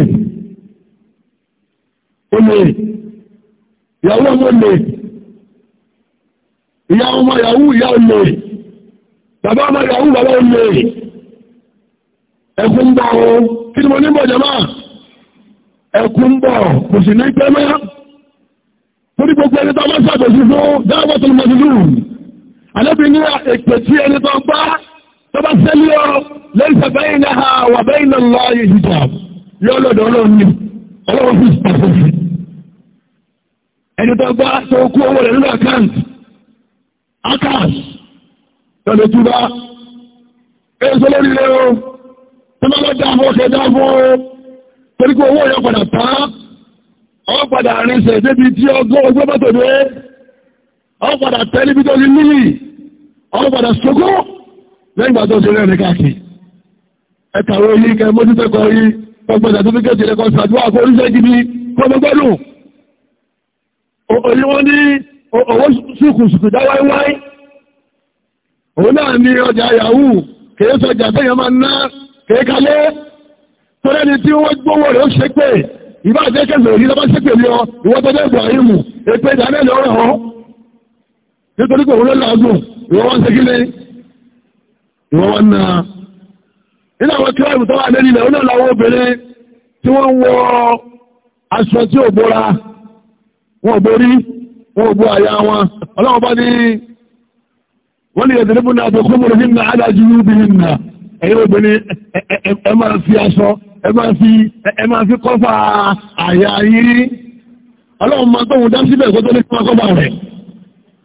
olè yahoo ọmọ olè ìyá ọmọ yahoo ìyá olè bàbá ọmọ yahoo bàbá olè bọ̀ kí ni mo ní bọ̀ jẹ́ máa bọ̀ torí gbogbo ẹni tó bá ṣàbòsí fún dáwọ́ tó mọ̀ nínú àlébí ní èpè tí ẹni tó bá tó bá sẹ́lẹ̀ ọ lẹ́sẹ̀ bẹ́yìn náà ha wà bẹ́yìn náà lọ ayé ìjà yọ lọ́dọ̀ ọlọ́run ní ọlọ́run fi pàṣẹ ọ padà rinṣẹ̀ débi tí ọgọ́ ọgbẹ́ bá tòdó ọ padà tẹ́lẹ̀ bí tó ní níyì ọ padà ṣogó lẹ́yìn bá tó ṣe rẹ̀ ní káàkiri ẹ̀kàwé yìí kẹ mójútẹ́kọ̀ yìí ọgbọ̀n sàtífíkẹ́tì rẹ̀ kọ́ sàdúrà kó oríṣẹ́ gidi kọ́mọgbẹ́lù òní wọ́n ní owó ṣùkùṣùkù dá wáíwáí òun náà ní ọjà yahoo kèé sọjà tẹ́yàn máa ná kèé kalẹ́ tọ́lẹ́ni tí wọ́n gbówó rẹ̀ ó ṣe pé ìbá àjẹ́kẹ́ lòrí lọ́bá sí pèlú ọ ìwọ́tọ́jẹ́ ìbọ̀hìmù èpè ìdánẹ́lẹ̀ ọ̀rọ̀ ọ́ nítorí pé òun ló làágùn ìwọ́n wọ́n ń segílé ìwọ́n wọ́n na nínú àwọn kíláàbù tó wà lórí ilẹ̀ oní ọ̀làwọ̀ obìnrin tí wọ́n ń wọ aṣọ tí ò bóra wọn ò borí wọn ò bó àyà wọn ọlọ́wọ́n bá ní wọ́n lè yẹ̀ ẹ̀yin obìnrin ẹ máa fi aṣọ ẹ máa fi ẹ máa fi kọ́fà àyà yín ọlọ́run máa tó wọn dá síbẹ̀ kó tó ní kí wọ́n kọ́fà rẹ̀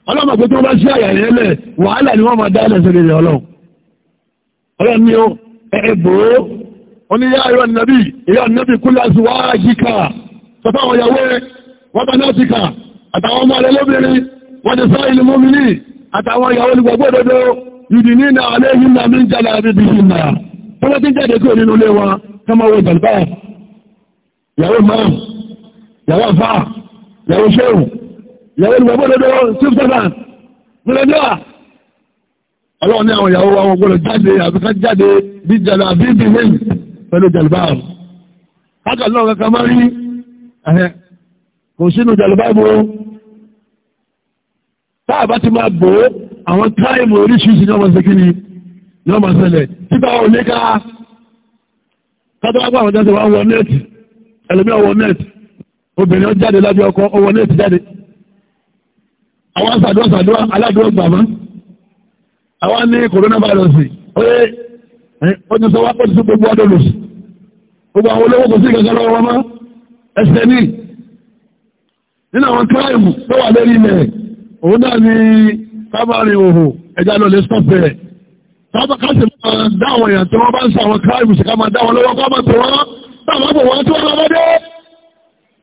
ọlọ́run máa pé tí bá sí àyà yẹn lẹ̀ wàhálà ni wọ́n máa dá ẹlẹ́sẹ̀ lè rẹ̀ ọlọ́run ọlọ́run ni ó ẹ bò ó oníyá ayọ̀ nàbí ìyá nàbí kúlẹ̀ àzùwá àjíkà sọ́fà àwọn ìyàwó rẹ̀ wọ́n bá náà ti kà àtàwọn ọmọ rẹ̀ lóbìnrin wọ́n ti sá ìlú mọ́mìnì ìdí ní ìnà alẹ́ yìí náà ní jàlá àbíbí ìnà tọ́lá tí jáde kúrò nínú ilé wọn ká máa wọ ìjàlbá yàwó máàm yàwó àfà yàwó ṣéhù yàwó ìgbàgbọ́ dodo chief servant mìlẹ́dọ́à ọlọ́run ní àwọn ìyàwó àwọn gbọ́dọ̀ táà bá ti máa gbòó àwọn táìmù oríṣiríṣi ní ọmọ ṣekí ni ní ọmọ ṣẹlẹ̀ títà ò ní ká kátàwágbà àwọn jáde wá wọ nẹ́ẹ̀tì ẹlòmí ọwọ nẹ́ẹ̀tì obìnrin ó jáde lábẹ́ ọkọ ọwọ nẹ́ẹ̀tì jáde àwọn àṣàdúrà àṣàdúrà aládùúgbò gbàmọ́ àwọn ní coronavirus oye ó ti sọ wá pé ti gbogbo adolus gbogbo àwọn olówó kò sí ìkẹ́kẹ́ lọ́wọ́ wọn mọ́ ẹsẹ̀ ní nínú àwọn kíláìmù tó wà lórí ilẹ̀ òun náà ni kábàárì òhò ẹja lọ lè stop rẹ̀ kábàkásì máa dá àwọn èèyàn tí wọ́n bá ń sa àwọn kíláàbù sí ká máa dá wọn lọ́wọ́ kọ́ máa tó wọn táwọn bò wọ́n tí wọ́n lọ́wọ́ dé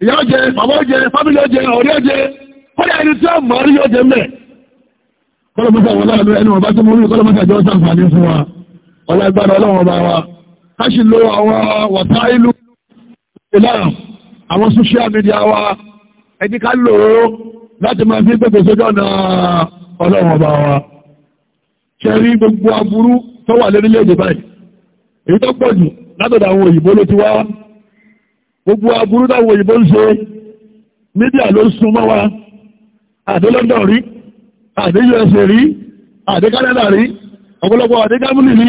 ìyá jẹ bàbá jẹ fámìlì jẹ ọ̀rẹ́ jẹ kọ́lá ẹni tí wọ́n mọ̀ rí yóò jẹ mẹ́ kọ́lọ́mọ́sá wọn láàánú ẹni wọn bá tó mú rí kọ́lọ́mọ́sá jọ sàǹfààní fún wa ọlágbára ọlọ́wọ́n bá wa káṣì lo àwọn wọ̀tá ìlú ìlànà àwọn social media wa ẹni ká lòó láti máa fi pẹ̀pẹ̀ sójọ́ náà ọlọ́run ọba wa ṣe rí gbogbo aburú tó wà lórílẹ̀-èdè báyìí èyí tó pọ̀ jù látọ̀dọ̀ àwọn òyìnbó ló ti wá gbogbo aburú táwọn òyìnbó ń ṣe mídíà ló sún mọ́ wa àdé London rí àdé USA rí àdé Canada rí ọ̀pọ̀lọpọ̀ àdé gámúlì rí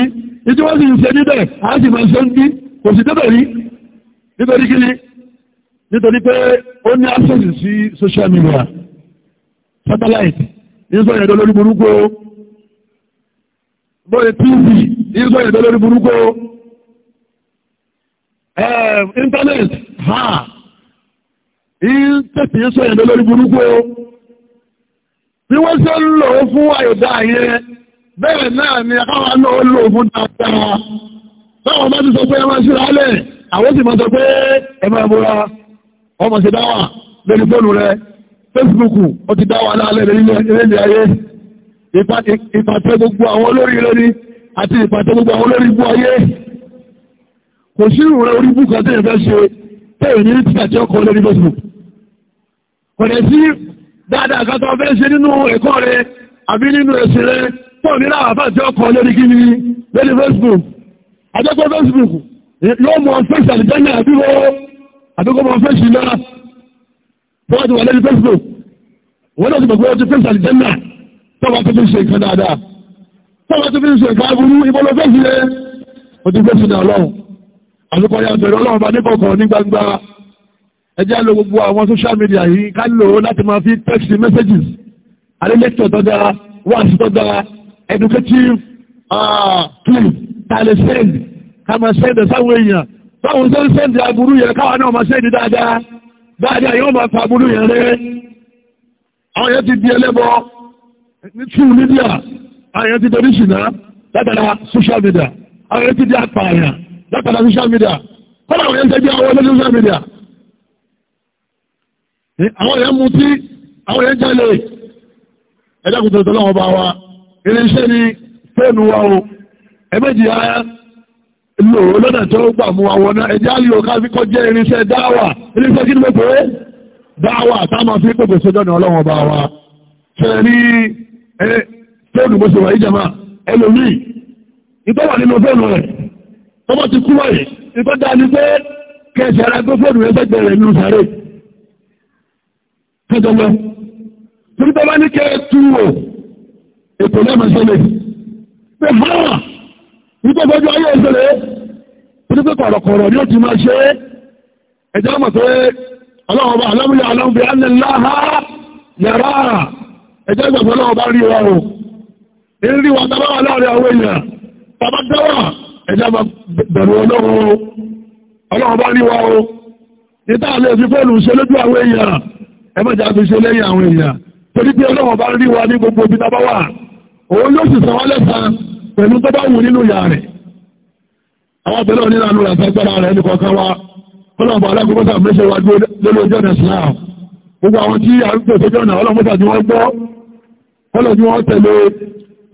ìtí wọ́n sì ń ṣe níbẹ̀ á sì máa ṣe ń bí kò sì débẹ̀ rí nítorí kí ni nítorí pé ó ní access sí social media satellite ní sọ ìyẹ̀dọ́ lórí burúkú bóyá tv ní sọ ìyẹ̀dọ́ lórí burúkú internet ha tẹ̀sí ní sọ ìyẹ̀dọ́ lórí burúkú bí wọ́n ṣe ń lò ó fún àyọ̀dá yẹn bẹ́ẹ̀ náà ni akáwà náà lò ó fún dáadáa báwọn bá ti sọ pé ẹ máa ṣíra lẹ̀ àwọn sì máa sọ pé ẹ máa bóra ọmọ ṣe lórí fóònù rẹ̀ Facebook ó ti dá wàhálà alẹ́ lẹ́lẹ́ ayé ìpàtẹ́ gbogbo àwọn olórí lórí àti ìpàtẹ́ gbogbo àwọn olórí gbọ́ ayé kò sí ìrùrẹ́ orí búkọ̀ tẹ́ ìfẹ́ ṣe tẹ́ ìní ní títàtẹ́ ọkọ̀ lórí Facebook kò dẹ̀ sí dáadáa kátó fẹ́ ṣe nínú ẹ̀kọ́ rẹ àbí nínú ẹ̀sìn rẹ pọ̀ nílá àbájẹ́ ọkọ̀ lórí kí ni lórí Facebook àjẹ́kọ̀ Facebook yóò mọ̀ fẹ́ṣẹ̀ àdìjẹ́ tó wá ti wà lẹ́nu facebook wọ́n náà ti gbàgbé wọ́n ti fẹ́ǹsì àlìjẹ́nà tó wá tó fi ń ṣe nǹkan dáadáa tó wá tó fi ń ṣe nǹkan aburú ìbọn lọ fẹ́ǹsì rẹ̀ ó ti fẹ́ǹsì náà lọ́wọ́ àlùkò ya bẹ̀rẹ̀ ọlọ́run bá nígbàgbọ́ ní gbangba ẹ jẹ́ á lo gbogbo àwọn social media yìí ká lò ó láti máa fi text messages àti lecture tó dára wáàsí tó dára educative clip tá a lè send ká máa send ẹ̀ sáwọn èèyàn báwọn tó ń send aburú yẹn káwọn náà máa send dáadáa dáadáa yóò máa fàbúrú yẹn rẹ̀ àwọn yẹn ti di ẹlẹ́bọ ní tíù mídíà àwọn yẹn ti dọ̀rí ṣìnà látara social media àwọn yẹn ti di apààyàn látara social media kọ́lá àwọn yẹn ti di àwọn ọlọ́dún social media àwọn yẹn mutí àwọn yẹn jalè ẹ̀dá kùtùtù lọ́wọ́ bá wa irinṣẹ́ ni fóònù wa o ẹ̀mẹ́jì ara lò ó lọ́nà tó gbà mú àwọn náà ẹjẹ́ àlìyàn káfíkọ́ jẹ́ irinṣẹ́ dáwà irinṣẹ́ kí ni mo pè é dáwà táwọn fi pèpè sójọ́ ní ọlọ́wọ́n bá wa ṣe rí ẹ fóònù bó ṣe wà ìjàmà ẹlòmíì ìtọ́ wà nínú fóònù rẹ̀ tọ́mọ ti kú wáyé ìtọ́ dá ní pé kẹsì ara gbé fóònù rẹ̀ sẹ́gbẹ̀ẹ́ rẹ̀ nínú sàárè kẹjọ lọ torí bá bá ní kẹ́ tú o ètò lẹ́mọ̀ sẹ́lẹ̀ pé fáwọn ìtọ́jú ayé ìṣẹ̀lẹ̀ torí pé kọ̀rọ̀kọ̀rọ̀ ni ó ti máa ṣe ẹjọ́ mọ̀ pé ọlọ́ọ̀bá alámúlẹ̀ alámúlẹ̀ aláha yàrá ẹjọ́ ìgbàgbọ́ ọlọ́ọ̀bá rí wa o rí wa tàbá wà láàrin àwọn èèyàn tàbá dáwà ẹjọ́ bẹ̀rù ọlọ́ọ̀bá ọlọ́ọ̀bá rí wa ní gbogbo ibi tàbá àwọn abẹ́lẹ̀ onírànú rẹ̀ fẹ́gbẹ́ra rẹ̀ ní kọ̀ọ̀kan wa ọlọ́ọ̀bọ̀ alágbọ́sà mẹ́ṣẹ́ wa lórí ọjọ́ ọ̀nà islam gbogbo àwọn tí a ń pè sójọ́ ọ̀nà ọlọ́mọ́sà tí wọ́n gbọ́ ọlọ́ tí wọ́n tẹ̀lé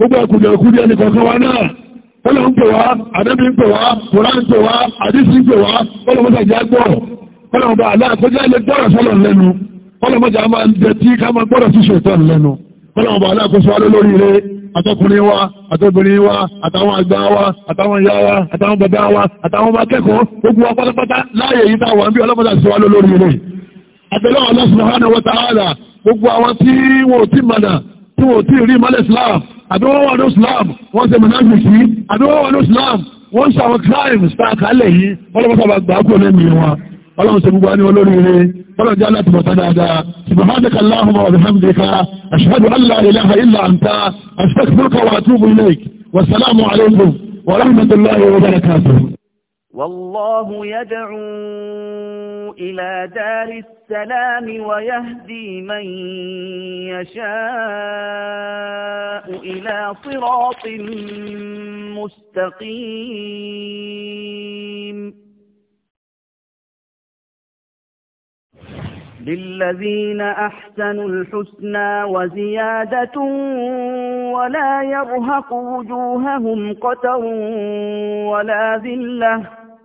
gbogbo ẹkùnlẹ̀ ẹkùnlẹ̀ ẹni kọ̀ọ̀kan wa náà ọlọ́ ń pè wá adẹ́bí ń pè wá kòrán ń pè wá àdísí ń pè wá ọlọ́mọ́sà jẹ́ gbọ́rọ̀ ọlọ́mọba aláàkọjá ilé gbọ́rọ̀ sọ́lọ̀ àtọkùnrin wa àtọbìnrin wa àtàwọn àgbà wa àtàwọn ìyá wa àtàwọn bàbá wa àtàwọn ọmọ akẹ́kọ̀ọ́ gbogbo wa pátápátá láàyè yìí táwọn àbí ọlọ́pàá ti wá lórí rẹ̀ àtẹlẹ́ Allah subhanahu wa ta'ala gbogbo àwọn tí wọn ò tí mọ̀nà tí wọn ò tí rí ìmọ̀lẹ̀ Islam àbí wọ́n wà ní Islam wọ́n ṣe mọ̀nàfìsì àbí wọ́n wà ní Islam wọ́n ṣe crimes tá a kálẹ̀ yìí ọlọ́pàá sábà gbà á kúrò lẹ́nu wọn ọlọ́run ṣe gbogbo wa ní olóríire ولو جعلت متنادا سبحانك اللهم وبحمدك أشهد أن لا إله إلا أنت أستغفرك وأتوب إليك والسلام عليكم ورحمة الله وبركاته والله يدعو إلى دار السلام ويهدي من يشاء إلى صراط مستقيم للذين أحسنوا الحسنى وزيادة ولا يرهق وجوههم قتر ولا ذِلَّةٌ